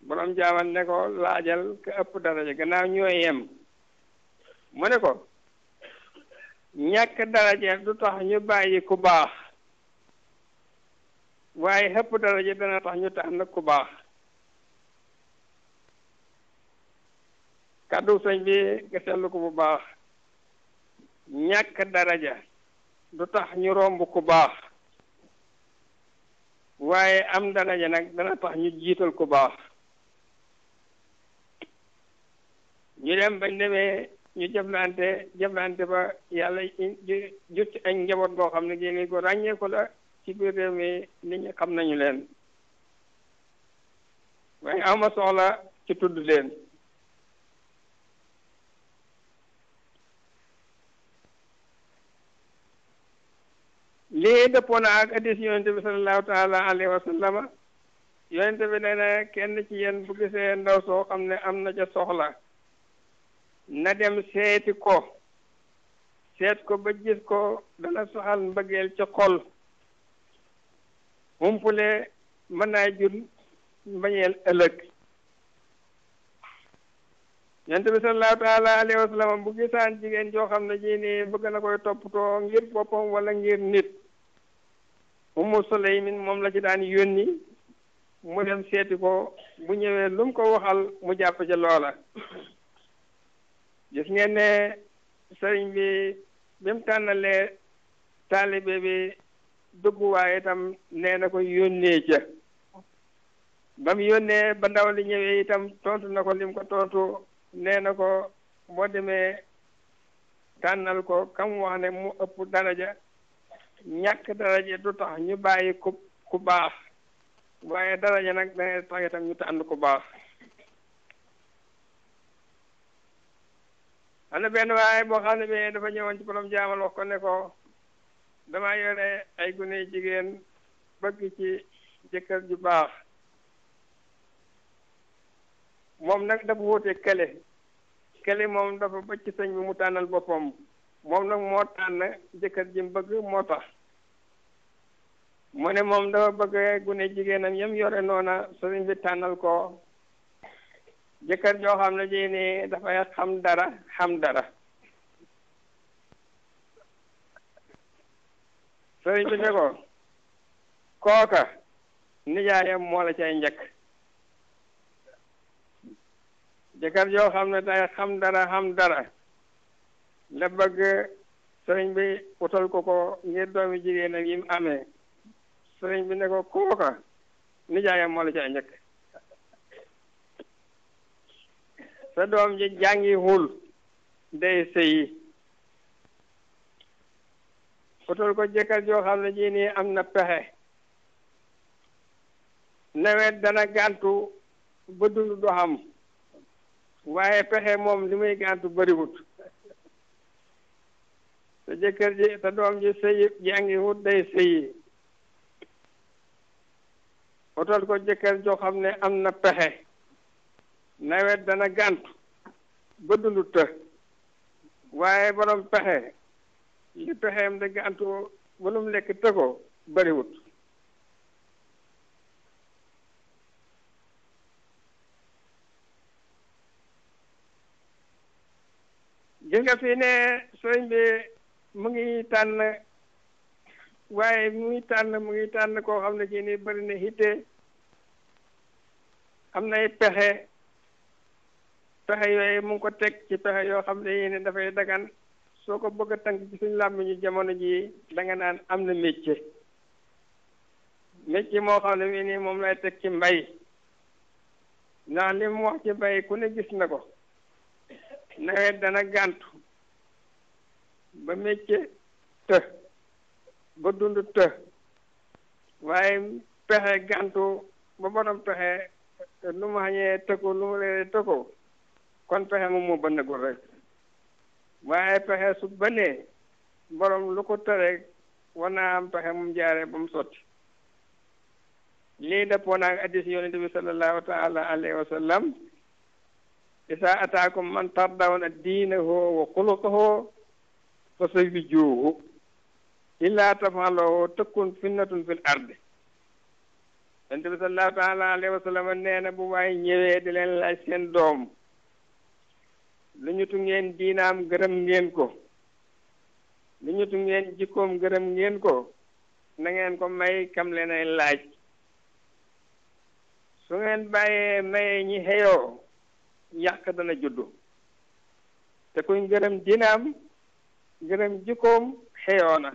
borom jaamal ne ko laajal ka ëpp daraja gannaaw ñoo yem mu ne ko ñàkk daraja du tax ñu bàyyi ku baax waaye ëpp daraja dana tax ñu tax nag ku baax kaddu sëñ bi nga seetlu ko bu baax ñàkk daraja du tax ñu romb ku baax waaye am dara daraja nag dana tax ñu jiital ku baax ñu dem bañ demee ñu jëflante jëflante ba yàlla jot ci ak njaboot goo xam ne génne ko ràññee la ci biir réew mi nit ñi xam nañu leen waaye ama soxla ci tudd leen lii dëppoo na ak addis yonente bi sallallahu taala alayhi wa sallama bi nee kenn ci yéen bu gisee ndaw soo xam ne am na ca soxla na dem seeti ko seet ko ba gis ko dana soxal mbëggeel ci xol umpule mën naa jur mbañeel ëllëg yonent bi sallallahu taala alayhi wa bu gisaan jigéen joo xam ne jii nii bëgg na koy toppatoo ngir boppam wala ngir nit Ummu Suleymin moom la ci daan yónni mu dem seeti ko bu ñëwee lu mu ko waxal mu jàpp ci loola gis ngeen ne sëriñ bi bi mu tànnalee taalibe bi dugguwaay itam nee na ko yónnee ca ba mu yónnee ba ndaw li ñëwee itam tontu na ko lim ko tontu nee na ko boo demee tànnal ko kam wax ne mu ëpp daraja ñàkk daraja du tax ñu bàyyi ku ku baax waaye daraja nag dana tax itam ñu tànn ku baax am na benn waaye boo xam ne bi dafa ñëwoon ci borom jaamal ko ne ko damaa yore ay gune jigéen bëgg ci jëkkër ju baax moom nag dafa wóote kele kele moom dafa bëcc sëñ bi mu tànnal boppam moom nag moo tànn jëkkër ji mu bëgg moo tax mu ne moom dafa bëgg gune jigéenam yam yore noona sëriñ bi tànnal ko jëkkër joo xam ne ji ni dafay xam dara xam dara sëriñ bi ne ko kooka nijaayam moo la cay njëkk jëkkër joo xam ne day xam dara xam dara la sëriñ bi utal ko ko ngir doomi jigéen ak yi mu amee sëriñ bi ne ko kooka nijaayam moo la ca njëkk sa doom ji jàngi xul day sëyi utal ko jëkkër joo xam ne jii nii am na pexe nawet dana gàntu ba dund du waaye pexe moom li muy gàntu bariwut te jëkkër ji te doom ji sëyi jàngi wut day sëyi utal ko jëkkër joo xam ne am na pexe nawet dana gànt ba dundu të waaye borom pexe li pexeem da gàntu ba lu lekk të bariwut gis nga fii ne sëñ bi mu ngi tànn waaye mu ngi tànn mu ngi tànn koo xam ne ci ni bëri na hitte am nay pexe pexe yooyu mu ngi ko teg ci pexe yoo xam ne yéen dafay dagan soo ko bëgg a tënk ci suñ làmmiñu jamono jii danga nga naan am na métier métier moo xam ne mii nii moom lay teg ci mbay ndax li mu wax ci mbay ku ne gis na ko nawet dana gàntu ba métier të ba dund të waaye pexe gàntu ba borom pexe lu mu xañee tëkku nu mu reere tëkku kon pexe moom moo bënnagul rek waaye pexe su bënnee borom lu ko tere war naa am pexe mu jaaree ba mu sotti lii de naa ak addis yonent bi sallallahu taala alayhi wa sallam isa ataakum man tardawna diinahu wa xuluqahu fa sa fi juuhu illaa tafaloo tëkkun finnatun fil ardi yonent bi sallallahu taala alayhi wa sallam nee na bu waay ñëwee di leen laaj seen doom lu ñutu ngeen diinaam gërëm ngeen ko lu ñutu ngeen jikkoom gërëm ngeen ko na ngeen ko may kam leen ay laaj su ngeen bàyyee maye ñi xeyoo yàq dana juddu te gërëm diinaam gërëm jikkoom xëyoo na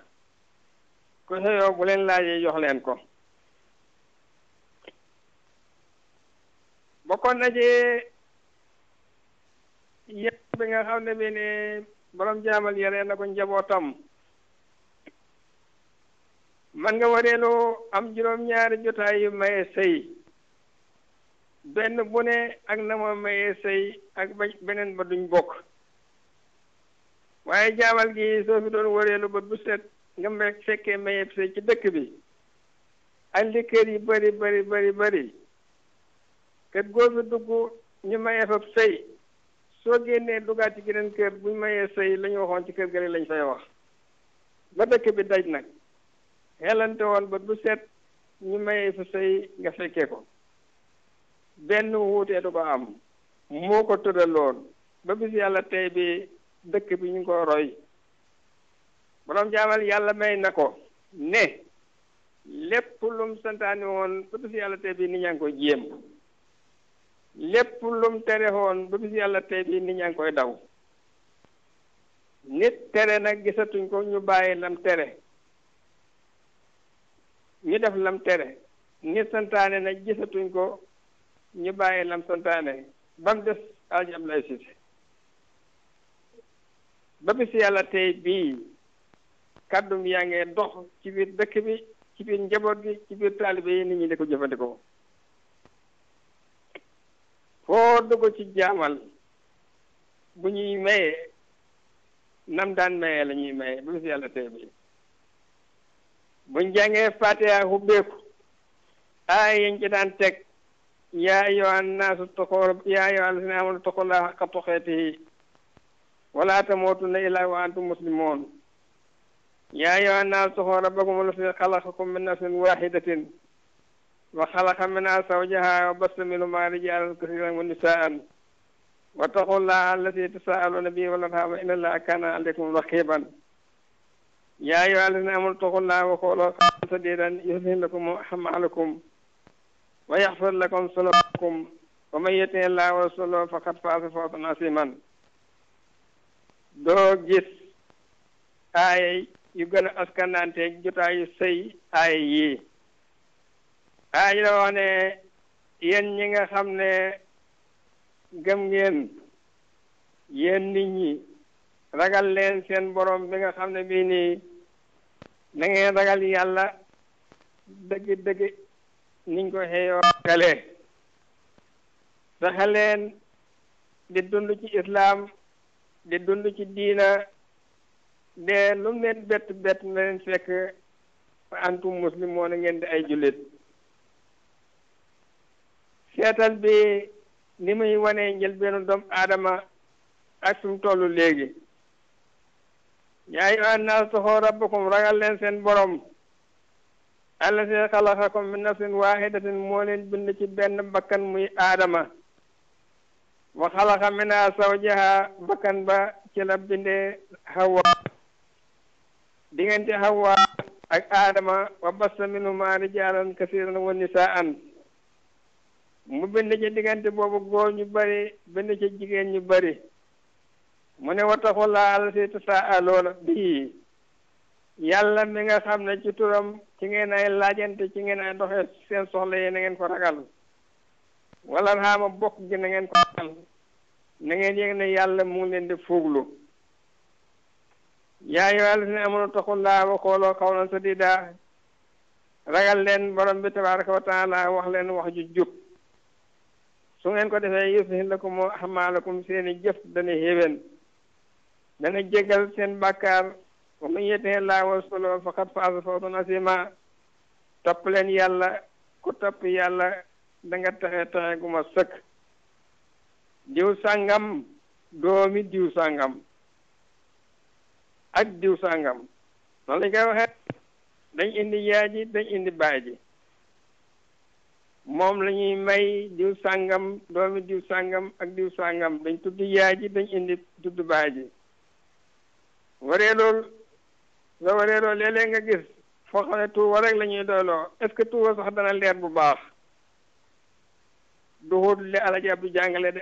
ku xëyoo bu leen laajee jox leen ko bokkoon na ci yéen bi nga xam ne bi ne borom jaamal yore na ko njabootam man nga wareelu am juróom-ñaari jotaay yu maye sëy benn bu ne ak na ma maye sëy ak beneen ba duñ bokk waaye jaamal gi soo fi doon wëreelu bët bu set nga may fekkee mayeb see ci dëkk bi ak li kër yi bari bari bari bari kër goo fi dugg ñu mayee fa sëy soo génnee dugaat ci geneen kër buñ mayee sëy la waxoon ci kër gële lañ fay wax ba dëkk bi daj nag xelante woon ba bu set ñu mayee fa sëy nga fekkee ko benn wuutee du ko am moo ko tëraloon ba bis yàlla tey bi dëkk bi ñu ko roy borom jaamal yàlla may na ko ne lépp lum santaani woon ba bis yàlla tey bi nit ñaa ngi koy jéem lépp lum tere woon ba bis yàlla tey bi nit ñaa ngi koy daw nit tere nag gisatuñ ko ñu bàyyi lam tere ñu def lam tere nit santaane nag gisatuñ ko ñu bàyyi lam santaane ba des aljam lay sisi ba bis yàlla tey bii kàddum yaa ngee dox ci biir dëkk bi ci biir njaboot gi ci biir taalibe yi nit ñi di ko jëfandikoo foo dugg ci jaamal bu ñuy maye nam daan maye la ñuy maye ba bis yàlla tey bii buñ jàngee fatiha hubbeeku aay yañ ci daan teg yaa ayyuhan naasu taqoo yaa ayyuhal lazina aamanu taqoo laaha haqqa tuqaatihi wala tamuutunna illaa wa antum muslimuun yaa ayyuhan naas ttaquu rabbakum allazii xalaqakum min nafsin waahidatin wa xalaqa minhaa zawjahaa wa bassa minhumaa rijaalan kasiiran wa nisaa'an wattaqu llaaha allazii tasaa'aluuna bihi wal arham inna llaaha kaana aleykum raqiiban yaa ayyuhaa allaziina aamanuu ttaqu llaaha wa quuluu qawlan sadiidan yuslih lakum a'maalakum wa yaxfir lakum zunuubakum wa man yuti' llaaha wa rasuulahu faqad faaza fawzan aziiman doo gis aaya yu gën a askananteeg jotaayu sëy aaya yii aaya wax ne yéen ñi nga xam ne gëm ngeen yéen nit ñi ragal leen seen borom bi nga xam ne bii nii na ngeen ragal yàlla dëgg dëgg niñ ko xëyoo xale saxaleen di dund ci islaam di dund ci diina de lu meen bett bett na leen fekk fa antum muslimoon ngeen di ay jullit seetal bi ni muy wanee benn doomu aadama ak sum tollu léegi yaa ayyuhan naas taxoo rabbakum ragal leen seen borom allazi xalaqakum min nafsin waahidatin moo leen bind ci benn bakkan muy aadama wa xalaqa minha zawjaha bakkan ba ci la bindee hawa diggante hawa ak aadama wa bassa minhuma rijalan kasiran wa nisaan mu bind ci diggante boobu góor ñu bari bind ci jigéen ñu bari mu ne wattaqullaaha allazii tasaa'aluuna bihi yàlla mi nga xam ne ci turam ci ngeen ay laajante ci ngeen ay doxee seen soxla yi na ngeen ko ragal wala xaama bokk gi na ko sangu na ne yàlla mu leen di fuuglu yaa ayyuhaa llaziina aamanuu ittaqullaaha wa quuluu qawlan sadiidaa ragal leen borom bi tabaaraka wa taala wax leen wax ju jub su ngeen ko defee yuslih lakum ahmaalakum seeni jëf dana héwén dana jégal seen bàkkaar wa man yuti'illaaha wa rasuulahu faqad faaza fawzan aziimaa topp leen yàlla ku topp yàlla da texe texe gu ma sëkk diw sàngam doomi diw sàngam ak diw sàngam noonu lañ koy waxee dañ indi yaay ji dañ indi baay ji moom la ñuy may diw sàngam doomi diw sàngam ak diw sàngam dañ tudd yaay ji dañ indi tudd baay ji waree loolu nga waree loolu léeg nga gis foo xam ne tuuba rek la ñuy doyloo est-ce que sax dana leer bu baax du xóot li alaji jàngale de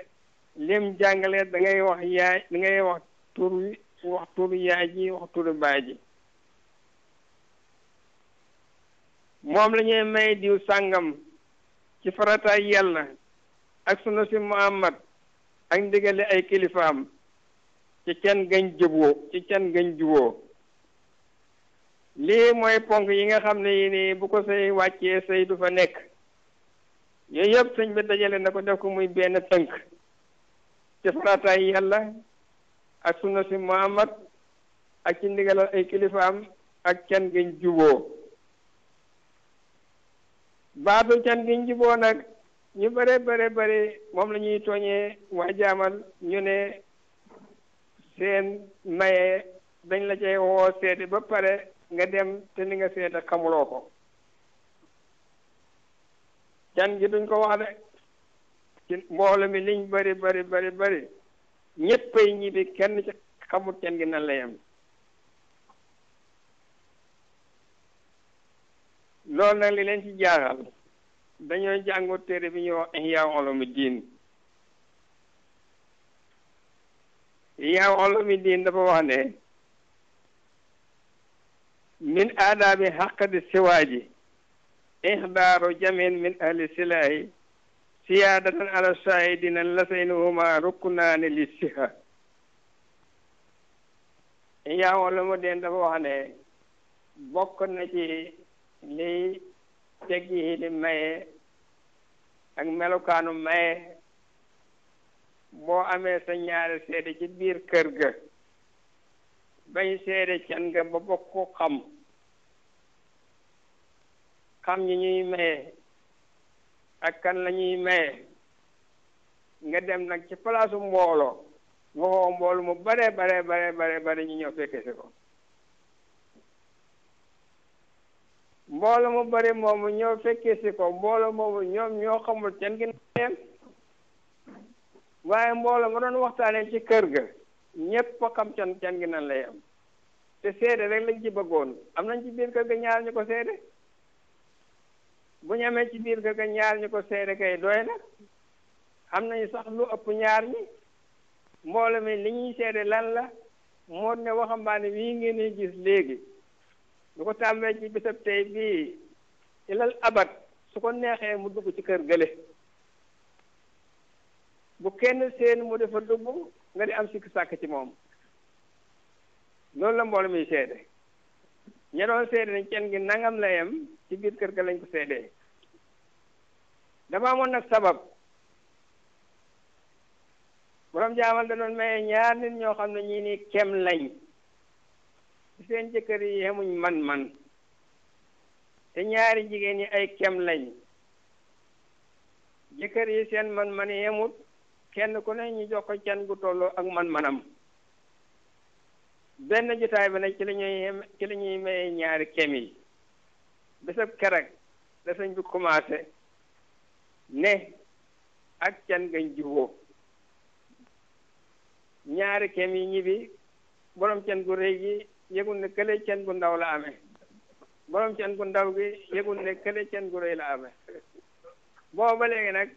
lim jàngale da ngay wax yaay da wax tur wax tur yaay ji wax tur baay ji moom la may diw sàngam ci farataay yàlla ak sunu si muhammad ak ndigale ay kilifaam ci kenn gañ juboo ci kenn gañ juboo lii mooy ponk yi nga xam ne yi nii bu ko say wàccee say du fa nekk yooyu yëpp sëñ bi dajale na ko def ko muy benn tënk ci farataay yàlla ak sunna si muhammad ak ci ndigalal ay kilifaam ak can giñ juboo baatu can giñ juboo nag ñu bare bare bare moom la tooñee waa jaamal ñu ne seen maye dañ la cay woo seete ba pare nga dem te ni nga seete xamuloo ko can gi duñ ko wax de ci mbooloo mi liñ bari bari bari bari ñëppay ñibbi kenn ci xamut kenn gi nan lay am nag li leen ci jaaxal dañoo jàngoo téere bi ñuy wax Ihya Ulumuddin Ihya Ulumuddin dafa wax ne min aadaabi xaqdi siwaaji ihdaaru jamin min ahli silaahi siyaadatan ala saahidina lasaynuhuma ruknaani li siha yaawoon la mu deen dafa wax ne bokk na ci liy teggi maye ak melokaanu maye boo amee sa ñaari seede ci biir kër ga bañ seede can nga ba bokk xam xam ñi ñuy maye ak kan la ñuy maye nga dem nag ci palaasu mbooloo nga woo mboolu mu bare bare bare bare bare ñu ñëw fekke ko mboolo mu bari moomu ñoo fekkee si ko mboolo moomu ñoom ñoo xamul seen ginnaaw waaye mboolo ma doon waxtaanee ci kër ga ñépp a xam seen seen ginnaaw lay te seede rek lañ ci bëggoon am nañ ci biir kër ga ñaar ñu ko seede bu ñu amee ci biir kër ñaar ñu ko seede kay doy na am nañu sax lu ëpp ñaar ñi mbooloo mi li ñuy seede lan la moo ne waxambaane wii ngeen di gis léegi lu ko tàmbee ci bisab tey bii ilal abat su ko neexee mu dugg ci kër gële bu kenn seen mu dafa dugg nga di am sikk sàkk ci moom loolu la mbooloo mi seede ña doon seede ne cen gi nangam la yem ci biir kër ga lañ ko seedee dafa amoon nag sabab boroom jaamal da doon maye ñaar nit ñoo xam ne ñii ni kem lañ seen jëkkër yi yemuñ man-man te ñaari jigéen yi ay kem lañ jëkkër yi seen man-man yemut kenn ku ne ñu jox ko can gu tolloo ak man-manam benn jotaay bi nag ci la ñuy ci la ñuy maye ñaari kem yi bésab keroog la sëñ bi commencé ne ak can ngañ juboo ñaari kem yi ñi bi borom can gu rëy gi yëgul ne kële can gu ndaw la amee borom can gu ndaw gi yëgul ne kële can gu rëy la boo booba léegi nag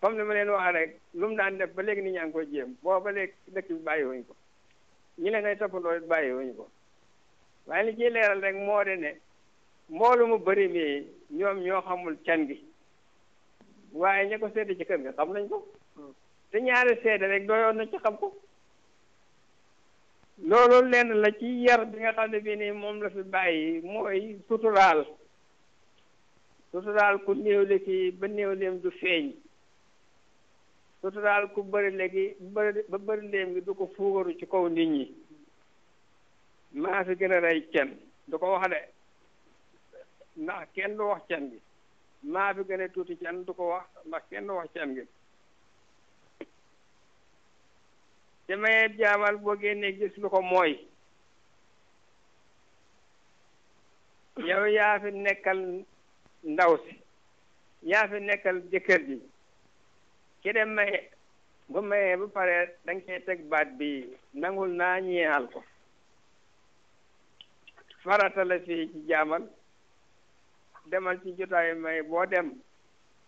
comme ni ma leen wax rek lu mu daan def ba léegi nit ñaa ngi koy jéem booba léegi dëkk bi bàyyi wuñ ko ñi leen ay toppandoo it bàyyiwuñu ko waaye li ciy leeral rek moo de ne mboolu mu bari mi ñoom ñoo xamul can gi waaye ña ko seede ci kër gi xam nañ ko hmm. te ñaari seede rek doyoon nañ ci xam ko loolu lenn la ci yar bi nga xam ne bii nii moom la fi bàyyi mooy suturaal suturaal ku néewle kii ba néewleem du feeñ suturaal ku bëri léegi bëri ba bëri gi du ko fuugaru ci kaw nit ñi maa fi gën a rey cen du ko wax de ndax kenn du wax cen gi maa fi gën a tuuti cen du ko wax ndax kenn du wax cen gi te mayee jaamal boo génnee gis lu ko mooy yow yaa fi nekkal ndaw si yaa fi nekkal jëkkër ji ki dem maye bu mayee bu paree da nga teg baat bi nangul naa ñeexal ko farata la fii ci jaamal demal ci jotaayu may boo dem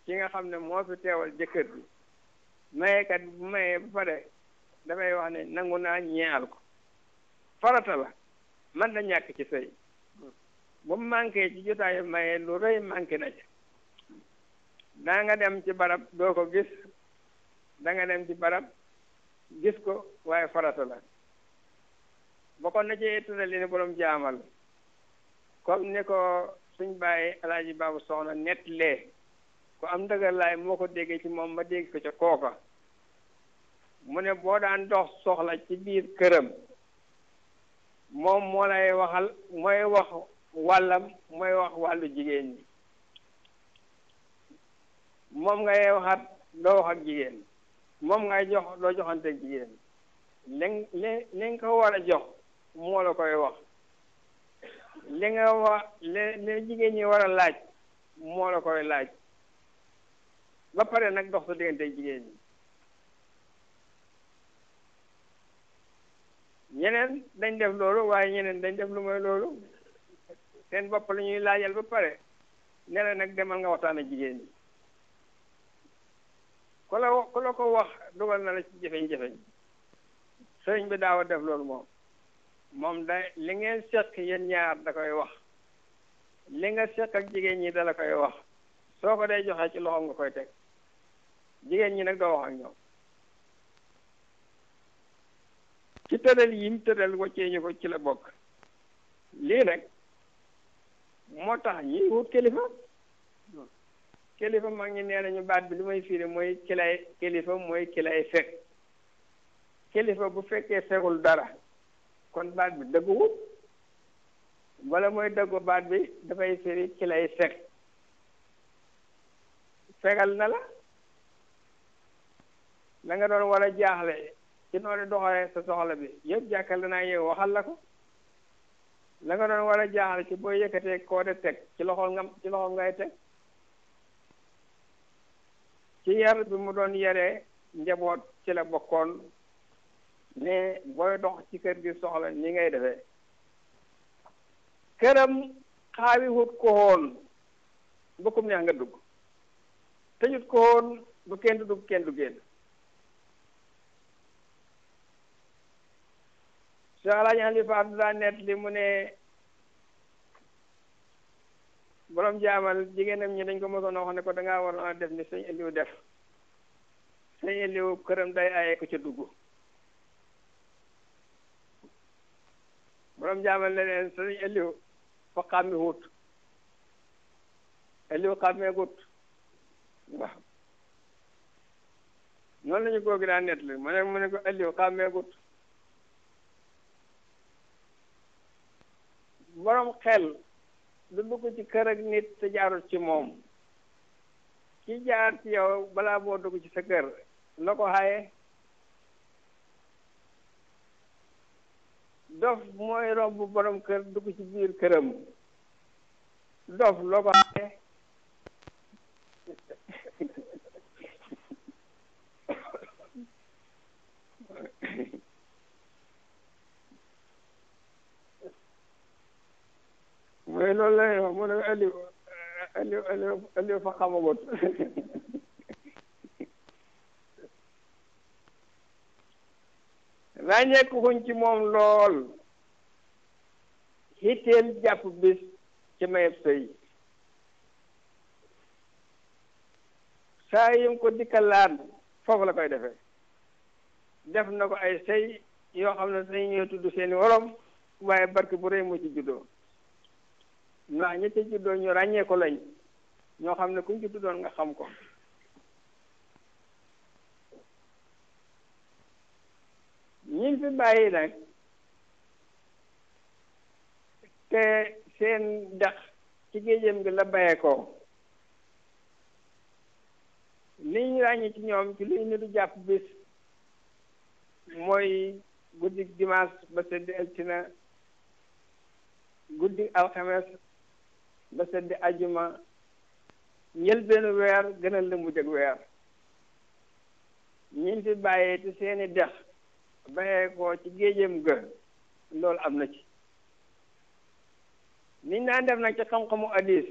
ki nga xam ne moo fi teewal jëkkër bi mayekat bu mayee bu pare dafay wax ne nangu naa ñeexal ko farata la man da ñàkk ci sëy bu manqué ci jotaayu maye lu rëy manqué na ci daa nga dem ci barab doo ko gis danga nga dem ci barab gis ko waaye farata la bokkoon ko ci tuddal li ne borom jaamal comme ne ko suñ bàyyi alaaji baabu soxna nett lee ko am ndëgër moo ko déggee ci moom ma dégg ko ca kooka mu ne boo daan dox soxla ci biir këram moom moo lay waxal mooy wax wàllam mooy wax wàllu jigéen ñi moom ngay waxaat loo wax ak jigéen moom ngay jox doo joxante jigéen li li nga ko war a jox moo la koy wax li nga wax li li jigéen ñi war a laaj moo la koy laaj ba pare nag dox sa diggante jigéen ñi ñeneen dañ def loolu waaye ñeneen dañ def lu mooy loolu seen bopp la ñuy laajal ba pare ne la nag demal nga waxtaan ak jigéen ñi ku la ko wax dugal na la ci jëfeñ-jëfeñ sëriñ bi daaw a def loolu moom moom day li ngeen seq yéen ñaar da koy wax li nga seq ak jigéen ñi dala koy wax soo ko dee joxe ci loxoom nga koy teg jigéen ñi nag doo wax ak ñoom ci tëral yi mu tëral wàccee ñu ko ci la bokk lii nag moo tax ñi wut kilifa kilifa mag ngi nee nañu baat bi lu may firi mooy kilay kilifa mooy kilay fekk kilifa bu fekkee fekkul dara kon baat bi dëgguwut wala mooy dëggu baat bi dafay firi kilay fekk fegal na la la nga doon war a jaaxle ci noonu doxalee sa soxla bi yëpp jàkkale naa yow waxal la ko la nga doon war a jaaxle ci boo yëkkatee koo de teg ci loxol nga ci loxol ngay teg ci yar bi mu doon yaree njaboot ci la bokkoon ne booy dox ci kër gi soxla ni ngay defee këram xaawiwut ko woon ba kum neex nga dugg tëjut ko woon bu kenn du dugg kenn du génn su alaaji li mu ne borom jaamal jigéenam ñi dañ ko mosoon a wax ne ko dangaa waroon a def ni sëñ Aliou def sëñ Aliou këram day aaye ko dugg boroom jaamal ne leen sëñ Aliou fa xàmmi wut Aliou xàmmee gut waaw noonu la ñu gi daan nett li mu ne mu ne ko Aliou xàmmee gut borom xel du dugg ci kër ak nit te jaarut ci moom ki jaar ci yow balaa boo dugg ci sa kër la ko xaye dof mooy romb borom kër dugg ci biir këram dof la ko xaye mooy loolu la ñuy wax mu ne Aliou Aliou Aliou Aliou fa xamagut ràññeeku xuñ ci moom lool xitteel jàpp bis ci mayeb sëy saa yim ko dikkalaan foofu la koy defee def na ko ay sëy yoo xam ne dañuy tudd seeni woroom waaye barke bu rëy moo ci juddoo naa ña ca juddoo ñu ràññee ko lañ ñoo xam ne kuñ ci doon nga xam ko ñiñ fi bàyyi nag te seen dex ci géejam gi la bayee ko liñ ràññee ci ñoom ci liñ ni du jàpp bis mooy guddi dimanche ba sedd altine guddi alxames ba seddi ajjuma njëlbeenu weer gënal la mujj ak weer ñin fi bàyyee te seeni dex bayee ko ci géejam ga loolu am na ci niñ daan def nag ci xam-xamu hadis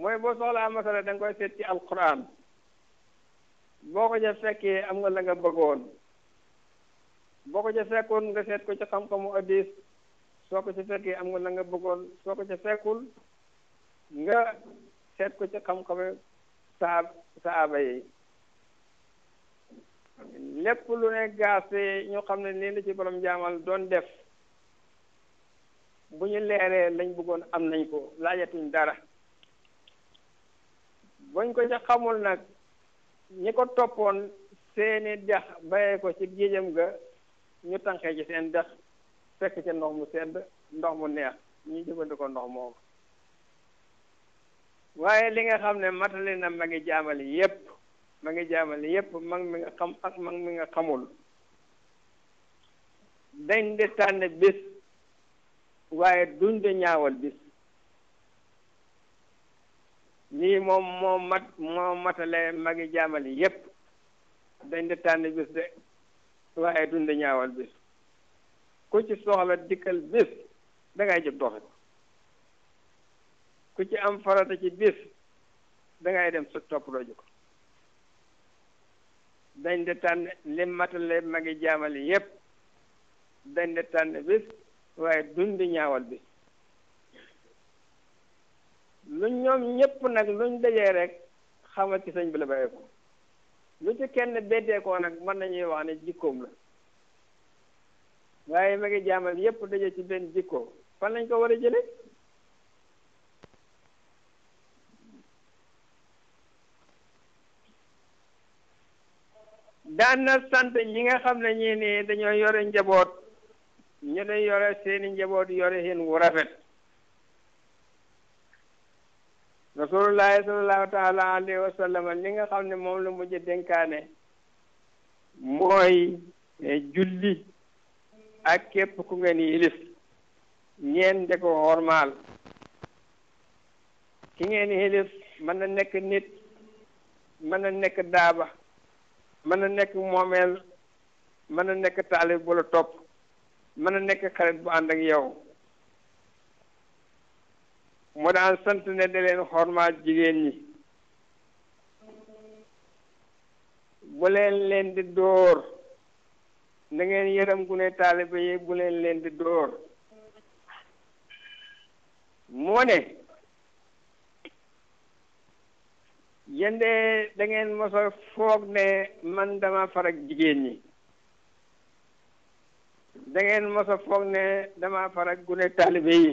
mooy boo soxlaa masala da nga koy seet ci alquran boo ko ca fekkee am nga la nga bëggoon boo ko ca fekkoon nga seet ko ci xam-xamu hadis soo ko ca fekkee am nga la nga bëggoon soo ko ca fekkul nga seet ko ci xam-xame saaba yi lépp lu ne gaase ñu xam ne nii la ci boroom jaamal doon def bu ñu leeree lañ bëggoon am nañ ko laajatuñ dara buñ ko ca xamul nag ñi ko toppoon seeni dex bayee ko ci géejam ga ñu tànqee ci seen dex fekk ca ndox mu sedd ndox mu neex ñu jëfandikoo ndox moomu waaye li nga xam ne matali na magi ngi jaamali yépp ma ngi jaamali yépp mag mi nga mag mi nga xamul dañ di tànn bis waaye duñ di ñaawal bis lii moom moo mat moo matale magi jaamali yépp dañ di tànn bis de waaye duñ di ñaawal bis ku ci soxla dikkal bis da ngay doxi ko ku ci am farata ci bis dangay dem su topp dooju ko dañ de tànn li matale ma ngi jaamali yépp dañ de tànn bis waaye dundi ñaawal bis lu ñoom ñépp nag luñ dajee rek xamal ci sañ bi la bàyyeeku lu ci kenn beddeekoo nag mën nañuy wax ne jikkoom la waaye ma jàmbal yépp daje ci benn jikko fan lañ ko war a jële daan na sant ñi nga xam ne ñii nii dañoo yore njaboot ñu ne yore seeni njaboot yore hin wu rafet rasulullahi sallallahu taala alayhi wa sallam li nga xam ne moom la mujj dénkaane mooy eh, julli ak képp ku ngeen yilif ngeen de ko hormaal ki ngeen yilif mën na nekk nit mën na nekk daaba mën na nekk moomeel mën na nekk taalib bu la topp mën na nekk xarit bu ànd ak yow moo daan sant ne da leen xormaal jigéen ñi bu leen leen di dóor na ngeen yërëm gune taalibe yi bu leen leen di dóor moo ne yende da ngeen foog ne man dama farak jigéen ñi dangeen ngeen a foog ne dama farak gune taalibe yi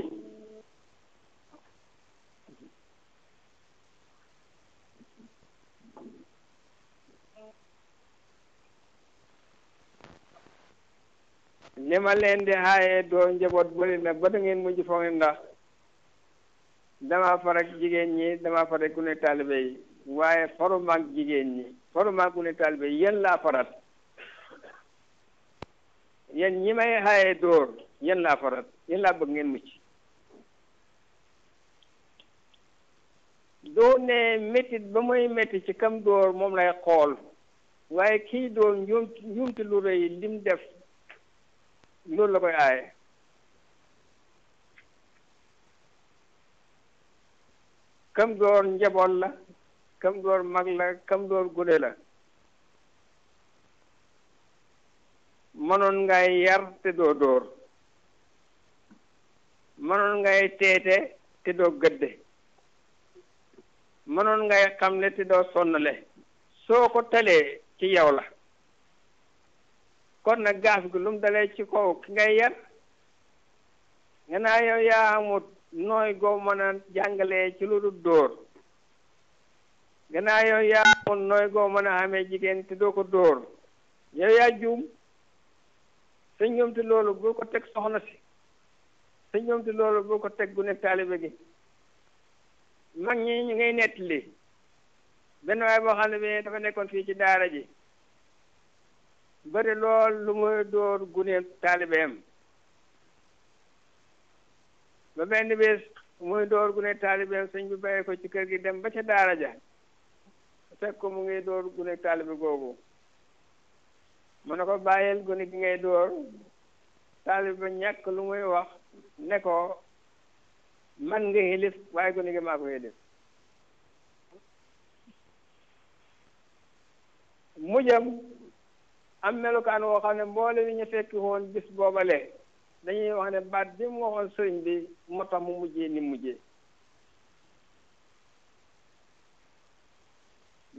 li ma leen di xaayee doom njaboot bëri ba da ngeen mujj foog ndax dama far ak jigéen ñi dama far ak ku ne yi waaye faruma ak jigéen ñi faruma ak ku ne taalibe yi yéen laa farat yéen laa bëgg ngeen mucc doo ne métit ba muy métti ci kam dóor moom lay xool waaye kii dóor njuum njuumti lu rëy lim def noonu la koy aaye kam door njaboot la kam door mag la kam door gune la mënoon ngay yar te doo dóor mënoon ngay teete te doo gëdde mënoon ngay xamle te doo sonnale soo ko talee ci yow la kon nag gaaf gi lu dalee ci kaw ki ngay yar nga naa yow yaa amut nooy goo mën a jàngale ci lu dul dóor nga naa yow yaa amut nooy goo mën a amee jigéen te doo ko dóor yow yaa juum sa ñoomte loolu boo ko teg soxna si sa ñoomte loolu boo ko teg gune nekk gi mag ñi ñu ngay nettali benn waaye boo xam ne bi dafa nekkoon fii ci daara ji bëri lool lu muy dóor guneem taalibeem ba benn bés muy dóor gune taalibeem sëñ bi bàyyi ko ci kër gi dem ba ci daara ja fekk ko mu ngi dóor gune taalibe googu mu ne ko bàyyil gune gi ngay dóor taalibe ba ñàkk lu muy wax ne ko man ngi xilif waaye gune gi maa ko xilif mujjam am melokaan woo xam ne mboole li ñu fekki woon bis boobale dañuy wax ne baat bi mu waxoon sëriñ bi moo mu mujjee ni mujjee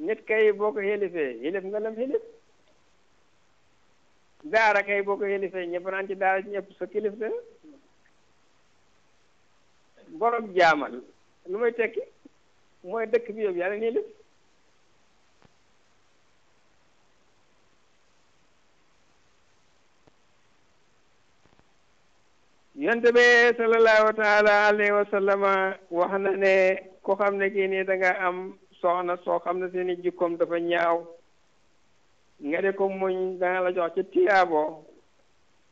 nit kay boo ko xelifee xelif nga lam xelif daara kay boo ko xelifee ñëpp naan ci daara ñëpp sa kilif la borom jaamal lu may tekki mooy dëkk bi yow yaa leen yonte be sallallahu taala alayhi wa sallama wax na ne ko xam ne kii nii da nga am soxna soo xam ne seeni jikkoom dafa ñaaw nga de ko muñ danga la jox ci tiyaabo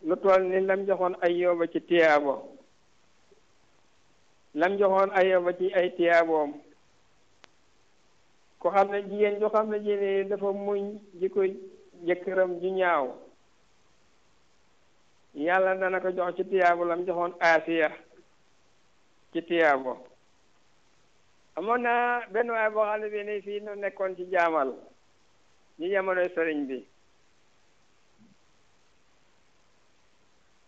lu toll ni lam joxoon Ayyuba ci tiyaabo lam joxoon Ayyuba ci ay tiyaaboom ko xam ne jigéen joo xam ne ji dafa muñ jikko jëkkëram ju ñaaw yàlla dana ko jox ci la lam joxoon aasiya ci tiyaabo amoon na benn waay boo xam ne bii nii fii nu nekkoon ci jaamal ñu jamonoy sëriñ bi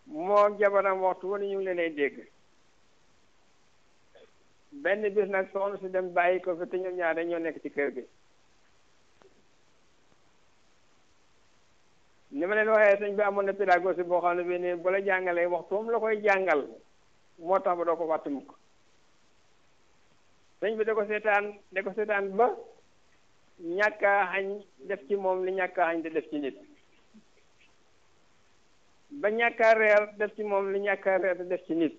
moo jabaram waxtu wu ne ñu leen ay dégg benn bis nag soxna si dem bàyyi ko fi te ñoom ñaar ñoo nekk ci kër gi ni ma leen waxee sëñ bi amoon na pédagogie boo xam ne bii nii bu la jàngalee waxtoom la koy jàngal moo tax ba doo ko fàtte mukk sëñ bi da ko seetaan da ko seetaan ba ñàkk def ci moom li ñàkk a def ci nit ba ñàkk a reer def ci moom li ñàkk reer def ci nit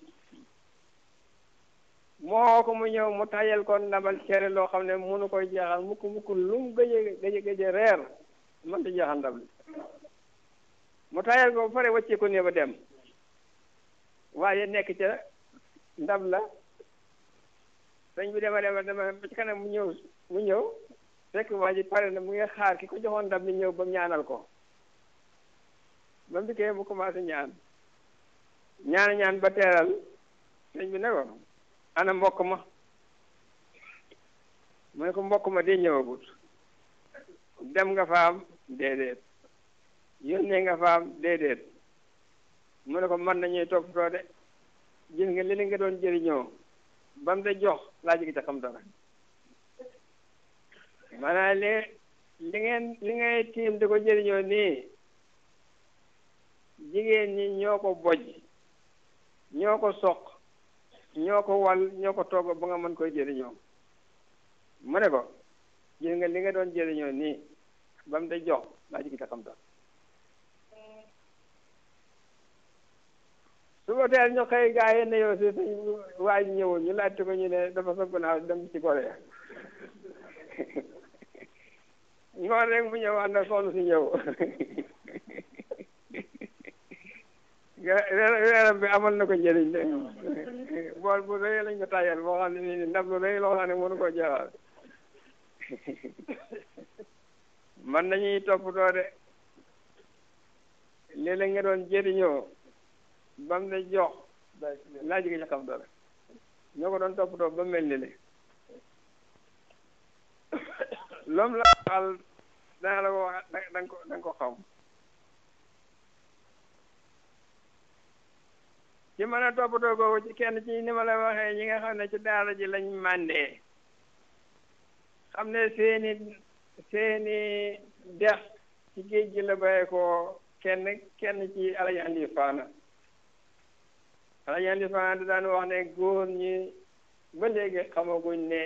moo ko mu ñëw mu tayal ko ndabal cere loo xam ne mënu koy jeexal mukk mukk lu mu gëj a gëj reer mënta jeexal ndab li mu tayal ko ba pare wàccee ko néeg ba dem waaye nekk ca ndab la sëñ bi dema dema dema ba ci kanam mu ñëw mu ñëw fekk waa ji pare na mu ngi xaar ki ko joxoon ndab li ñëw ba ñaanal ko ba mu dikkee mu ñaan ñaan ñaan ba teeral sëñ bi ne ko ana mbokk ma mu ne ko mbokk ma dee ñëwagut dem nga faam déedéet yónnee nga faam déedéet mu ne ko mën nañuy toppatoo de gis nga li nga doon jëriñoo ba mu da jox laa jigi ca xam dara maanaam li li li ngay tiim di ko jëriñoo nii jigéen ñi ñoo ko bojj ñoo ko soq ñoo ko wal ñoo ko togg ba nga mën koy jëriñoo mu ne ko gis nga li nga doon jëriñoo nii ba mu da jox laa jigi ca xam suba teel ñu xëy gaa yi ne yow si sañ waa ji ñëwul ñu laajte ko ñu ne dafa sa gannaaw dem ci gone ya <laughs> ngoon rek mu ñëw ànd ak soxna si ñëw <laughs> weeram bi amal na ko njëriñ de bool bu rëy lañ ko tàyyal boo xam ne nii ndab lu rëy loo xam ne mënu koo jaraal <laughs> man nañuy toppatoo de léeg-léeg nga doon jëriñoo ba mu ne jox laaj gi ci dara ñoo ko doon toppatoo ba mel ni li loom la xal dana la ko wax danga ko danga ko xam ci mën a toppatoo ci kenn ci ni ma la waxee ñi nga xam ne ci daara ji lañ màndee xam ne seeni seeni dex ci géej gi la bàyyi ko kenn kenn ci alajandi faana xalañaan lislaam da daan wax ne góor ñi ba léegi xamaguñ ne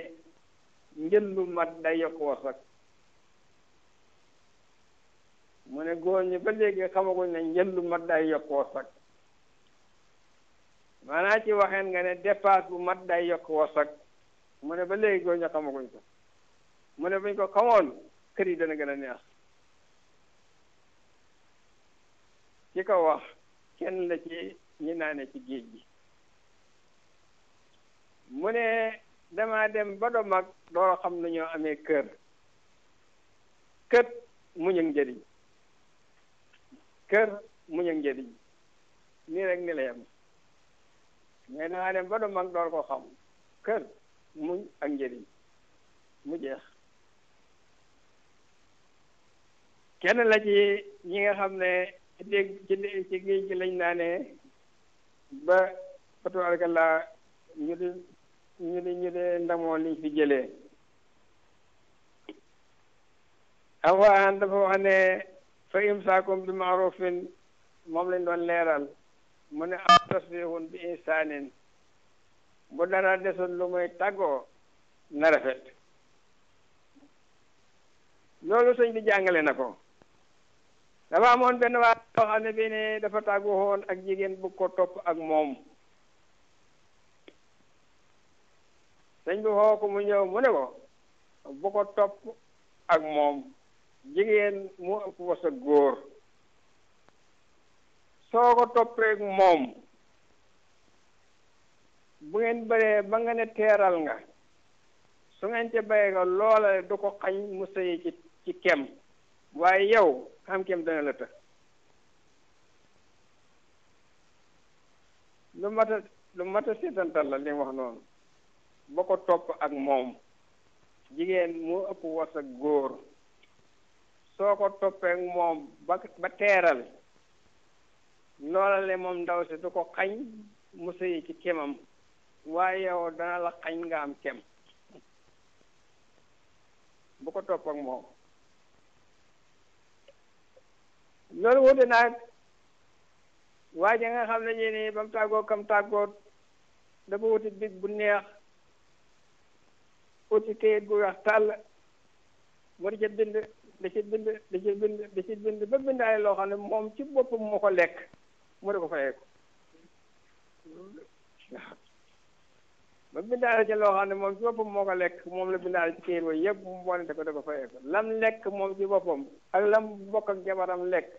njëllu mat day yokk warsak mu ne góor ñi ba léegi xamaguñ ne lu mat day yokk warsak maanaa ci waxeen nga ne dépasse bu mat day yokk warsak mu ne ba léegi góor ñi xamaguñ ko mu ne buñ ko xamoon kër yi dana gën a neex ci ko wax kenn la ci ñi naane ci géej gi mu ne damaa dem ba do mag doora xam na amee kër kër muñ ak njëriñ kër muñ ak njëriñ nii rek ni la yem mais damaa ba do mag door ko xam kër muñ ak njëriñ mu jeex kenn la ci ñi nga xam ne ci ci géej gi lañ naanee ba fa tabarakallah ñu di ñu di ñu di ndamoo liñ fi jëlee alxuraan dafa wax ne fa imsaakum bi maarufin moom lañ doon leeral mu ne am tasbihun bi insaanin bu dara desul lu muy tàggoo na rafet loolu sëñ bi jàngale na ko dafa amoon benn waa boo xam ne bii ne dafa tàggu woon ak jigéen bu ko topp ak moom sëñ bi xoo ko mu ñëw mu ne ko bu ko topp ak moom jigéen mu ëpp wasa góor soo ko toppee moom bu ngeen bëree ba nga ne teeral nga su ngeen ca bayee ko du ko xañ mu sëyi ci ci kem waaye yow xam kem dana la të lu mat a lu mat a seetantal la li wax noonu ba ko topp ak moom jigéen moo ëpp warsak góor soo ko toppee moom ba teeral loolale moom ndaw si du ko xañ mu sëyi ci kemam waaye yow dana la xañ nga am kem bu ko topp ak moom loolu wute naag waaye ja nga xam ne ñi ni ba mu tàggoo kam tàggoo dafa wuti big bu neex wuti kayit gu weex tàll mu di ca bind da ca bind da ca bind da ca bind ba bindaale loo xam ne moom ci boppam moo ko lekk mu di ko fayee ko ba bindaale ca loo xam ne moom ci boppam moo ko lekk moom la bindaale ci këyit boobu yëpp mu boole ko da ko fayee ko lam lekk moom ci boppam ak lam bokk ak jabaram lekk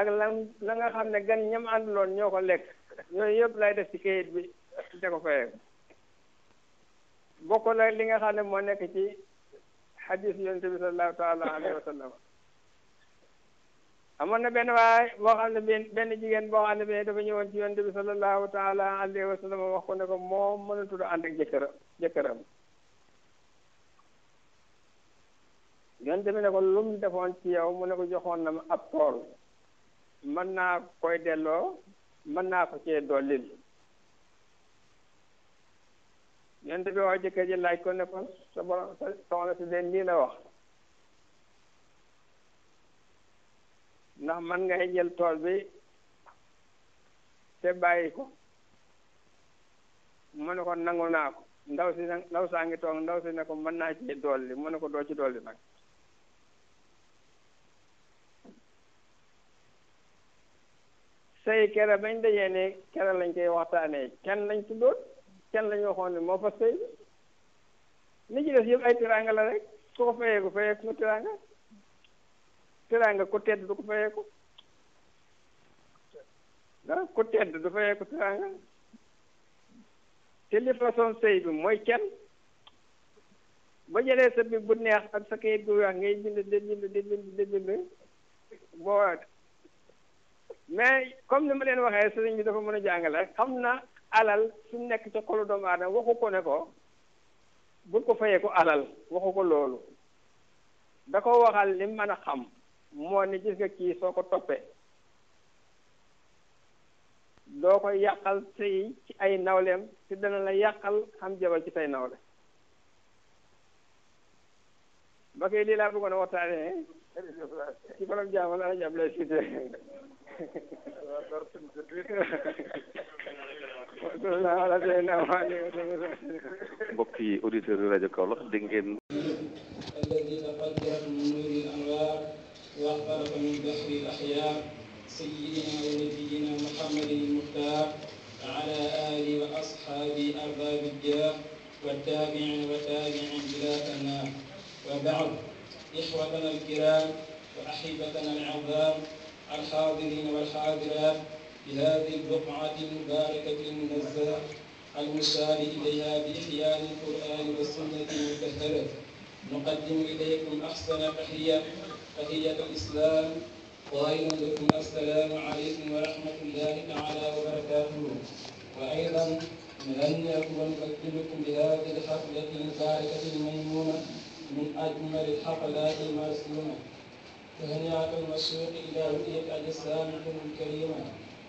ak lan la nga xam ne gan ñam ànduloon ñoo ko lekk yooyu yëpp lay def ci kayit bi da ko fayee bokk la li nga xam ne moo nekk ci xadiis yonent bi sallallahu taala alayhi wa amoon na benn waay boo xam ne benn jigéen boo xam ne bi dafa ñëwoon ci yonent bi sallallahu taala alayhi wa sallam wax ko ne ko moom mënatul ànd ak jëkkëram jëkkëram yonent bi ne ko lu mu defoon ci yow mu ne joxoon na ma ab tool mën naa koy delloo mën naa ko cee dollil yonent bi wax jëkkër ji laaj ko ne ko sa borom sa soxna si de lii la wax ndax man ngay jël tool bi te bàyyi ko mu ne ko nangu naa ko ndaw si nag ndaw saa ngi toog ndaw si ne ko mën naa ci dolli mu ne ko doo ci dolli nag sëy kere bañ dajee ne kere lañ koy waxtaanee kenn lañ tuddoon kenn lañu waxoon ne moo fa sëy bi ni ci des yëpp ay tiraanga la rek ku ko fayee ku tiraanga teraanga ku tedd du ko fayeeku ah ku tedd du fayeeku teraanga te li bi mooy kenn ba jëlee sa bi bu neex ak sa kayit gu weex ngay bind de bind de bind de bind boo mais comme ni ma leen waxee sëriñ bi dafa mën a jàngale xam na alal su nekk sa xolu doomu aadama waxu ko ne ko bul ko fayee ko alal waxu ko loolu da ko waxal li mën a xam moo ni gis nga kii soo ko toppee doo ko yàqal sëy ci ay nawleem te dana la yàqal xam jabar ci say nawle ba koy lii laa bëggoon a waxtaanee ci borom jaamal ala jàpp lay siite mbokk yi auditeurs yi rajo Kaolack dégg وأقبلك من بحر الأخيار سيدنا ونبينا محمد المختار على آله وأصحابه أرباب الجاه والتابعين وتابعين بلا تنام وبعد إخوتنا الكرام وأحبتنا العظام الحاضرين والحاضرات بهذه البقعة المباركة المنزهة المشار إليها بإحياء القرآن والسنة المطهرة نقدم إليكم أحسن تحية تحية الإسلام قائلا لكم السلام عليكم ورحمة الله تعالى وبركاته وأيضا نهنئكم ونقدمكم بهذه الحفلة الباركة الميمونة من أجمل الحفلات المرسومة تهنئة المسوق إلى رؤية أجسامكم الكريمة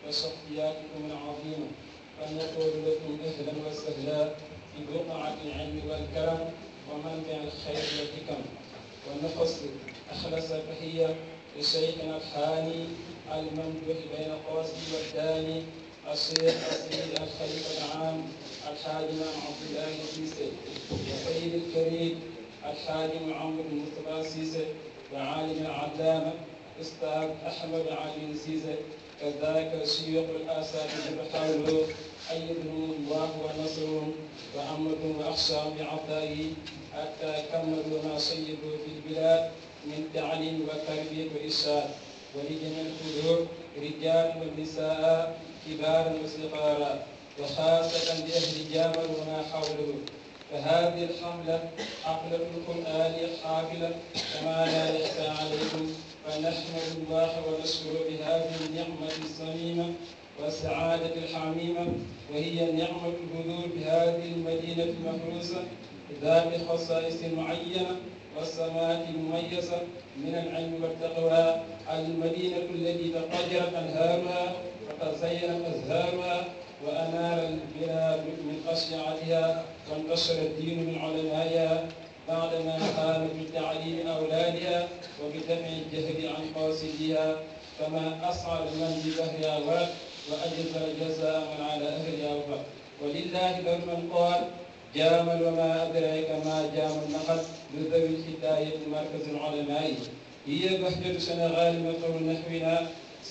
وشخصياتكم العظيمة أن نقول لكم أهلا وسهلا في بقعة العلم والكرم ومنبع الخير والحكم ونفصل أخلص التحية لشيخنا الحاني الممدوح بين قوسي والداني الشيخ السيد الخليفة العام الحاج عبد الله السيسي والسيد الكريم الحاج عمرو بن مصطفى السيسي وعالم العلامة أستاذ أحمد علي السيسي كذلك الشيوخ والأساتذة فحاولوا أيدهم الله ونصرهم وأمرهم وأخشاهم بعطائه حتى كملوا ما شيدوا في البلاد من تعليم وتربية وإرشاد ولجميع الحضور رجال ونساء كبارا وصغارا وخاصة بأهل جامل وما حوله فهذه الحملة حملتكم آلية حافلة كما لا يخفى عليكم فنحمد الله ونشكر بهذه النعمة الصميمة والسعادة الحميمة وهي نعمة الحضور بهذه المدينة المحروسة ذات خصائص معينة والسماء المميزة من العلم والتقوى المدينة التي تفجرت أنهارها فقد زينت أزهارها وأنار البلاد من أشيعتها وانتشر الدين من علمائها بعدما قامت بتعليم أولادها وبدفع الجهل عن قاصديها فما أسعد من ببهرها ورد وأجزل جزاء من على أهلها وفق ولله بر من قال jaamal wa maa adraaka maa jaamal naqat lu dawi hidaayat markaz al-ulamaa hiya bahjatuna ghaalimatun nahwinaa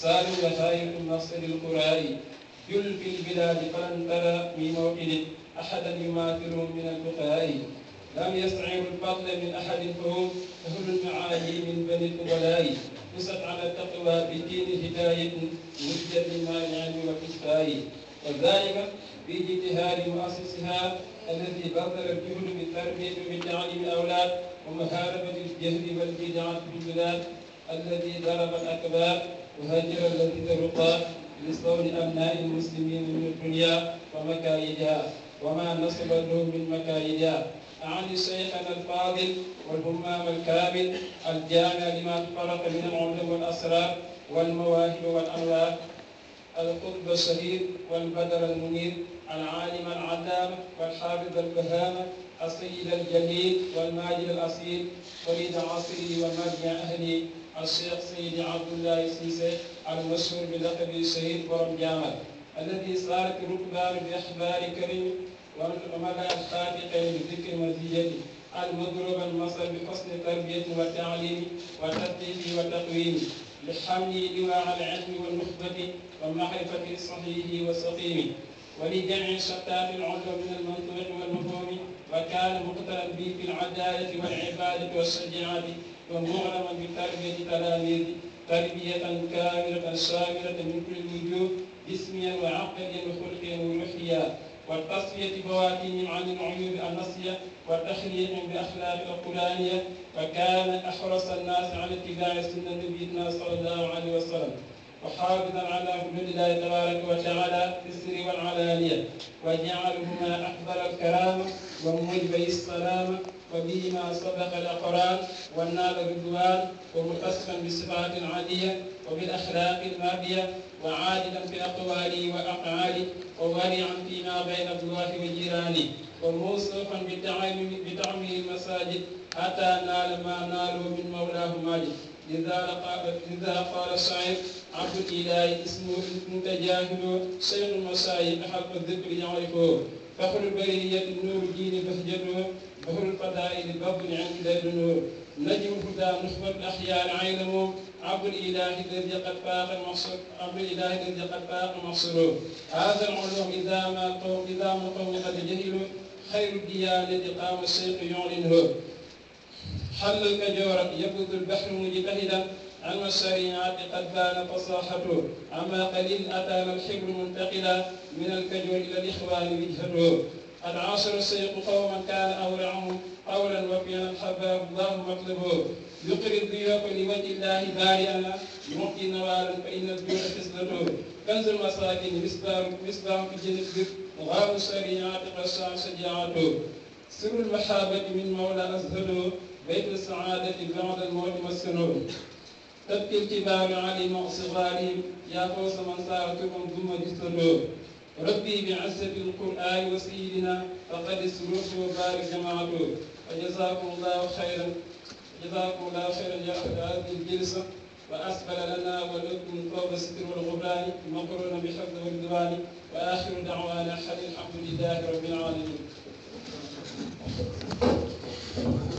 saalu wasaayatu nasr al-quraa'i jul fi l-bilaadi falan tara min mawqidin ahadan yumaathiluhum min al-fuqahaa'i lam yasta'ir al-fadl min ahadin fahum ahlul ma'aali min bani al-fudalaa'i nusat ala taqwa bi diini hidaayatun mujjat lil-maani'i wal-ikfaa'i wa dhaalika bi ijtihaadi mu'assisihaa التي بذل الجهد بالتربية وبتعليم الأولاد ومحاربة الجهل والبدعة في البلاد التي ضرب الأكبار وهجر الذي ترقى لصون أبناء المسلمين من الدنيا ومكايدها وما نصب له من مكايدها أعني شيخنا الفاضل والهمام الكامل الجامع لما تفرق من العلوم والأسرار والمواهب والأنوار القطب الشهير والبدر المنير العالم العلامة والحافظ البهامة السيد الجليل والماجد الأصيل وليد عصري ومرجع أهلي الشيخ سيدي عبد الله السيسي المشهور بلقب الشهيد برم جامل الذي صارت ركبان بأحبار كريم وملا الخاطقين بذكر مزيته المضرب المصر بحسن تربيته وتعليمه وتثقيفه وتقويمه للحمل لواء العلم والنخبة والمعرفة الصحيح والسقيم ولجمع شتات العلم من المنطق والمفهوم وكان مقتلا بي في العدالة والعبادة والشجاعة ومغرما بتربية تلاميذ تربية كاملة شاملة من كل وجوه جسميا وعقليا وخلقيا وروحيا وتصفية بواتهم عن العيوب النصية وتخليهم بأخلاق القرآنية وكان أحرص الناس على اتباع سنة نبينا صلى الله عليه وسلم وحافظا على حدود الله تبارك وتعالى في السر والعلانية وجعلهما أفضل الكرامة وموجبي السلامة وبهما سبق الأقران والنال بالدوان ومتصفا بالصفات العادية وبالأخلاق المادية وعادلا بأقوالي وأفعالي ووارعا فيما بين الله وجيراني وموصوفا بتعمير المساجد حتى نال ما نالوا من مولاه ماجد لذا قال الشاعر عبد الإله اسمه اسم تجاهل شيخ المشايخ أحب الذكر يعرفه فخر البرية النور الدين بهجته بحر الفضائل باب عند النور نجم الهدى نخبة الأخيار عينه عبد الإله الذي قد فاق المحصر عبد الإله الذي قد فاق المحصر هذا العلوم إذا ما إذا ما قد جهل خير الديانة قام السيق يعلنه حل الكجورة يبذ البحر مجتهدا أما السريعات قد بان فصاحته أما قليل أتانا الحبر منتقلا من الكجور إلى الإخوان وجهته العاصر السيق قوما كان أورعهم قولا وفينا الحباب الله مطلبه يقرب ضيوف لوجه الله بارئا يعطي نوارا فإن الجود خصلته كنز المساكين مصدر مصدر في جنب الذكر غاب الشريعة قشع شجاعته سر المحابة من مولى أزهده بيت السعادة بعد الموت والسنون تبكي الكبار عليهم وصغارهم يا فوز من سارتكم ثم جسدوه ربي بعزة القرآن وسيدنا فقد سرورت وبارك جماعته وجزاكم الله خيرا جزاكم الله خيرا يا أخذ الجلسة وأسبل لنا ولكم فوق الستر والغفران مقرون بحفظ والدوان وآخر دعوانا حل الحمد لله رب العالمين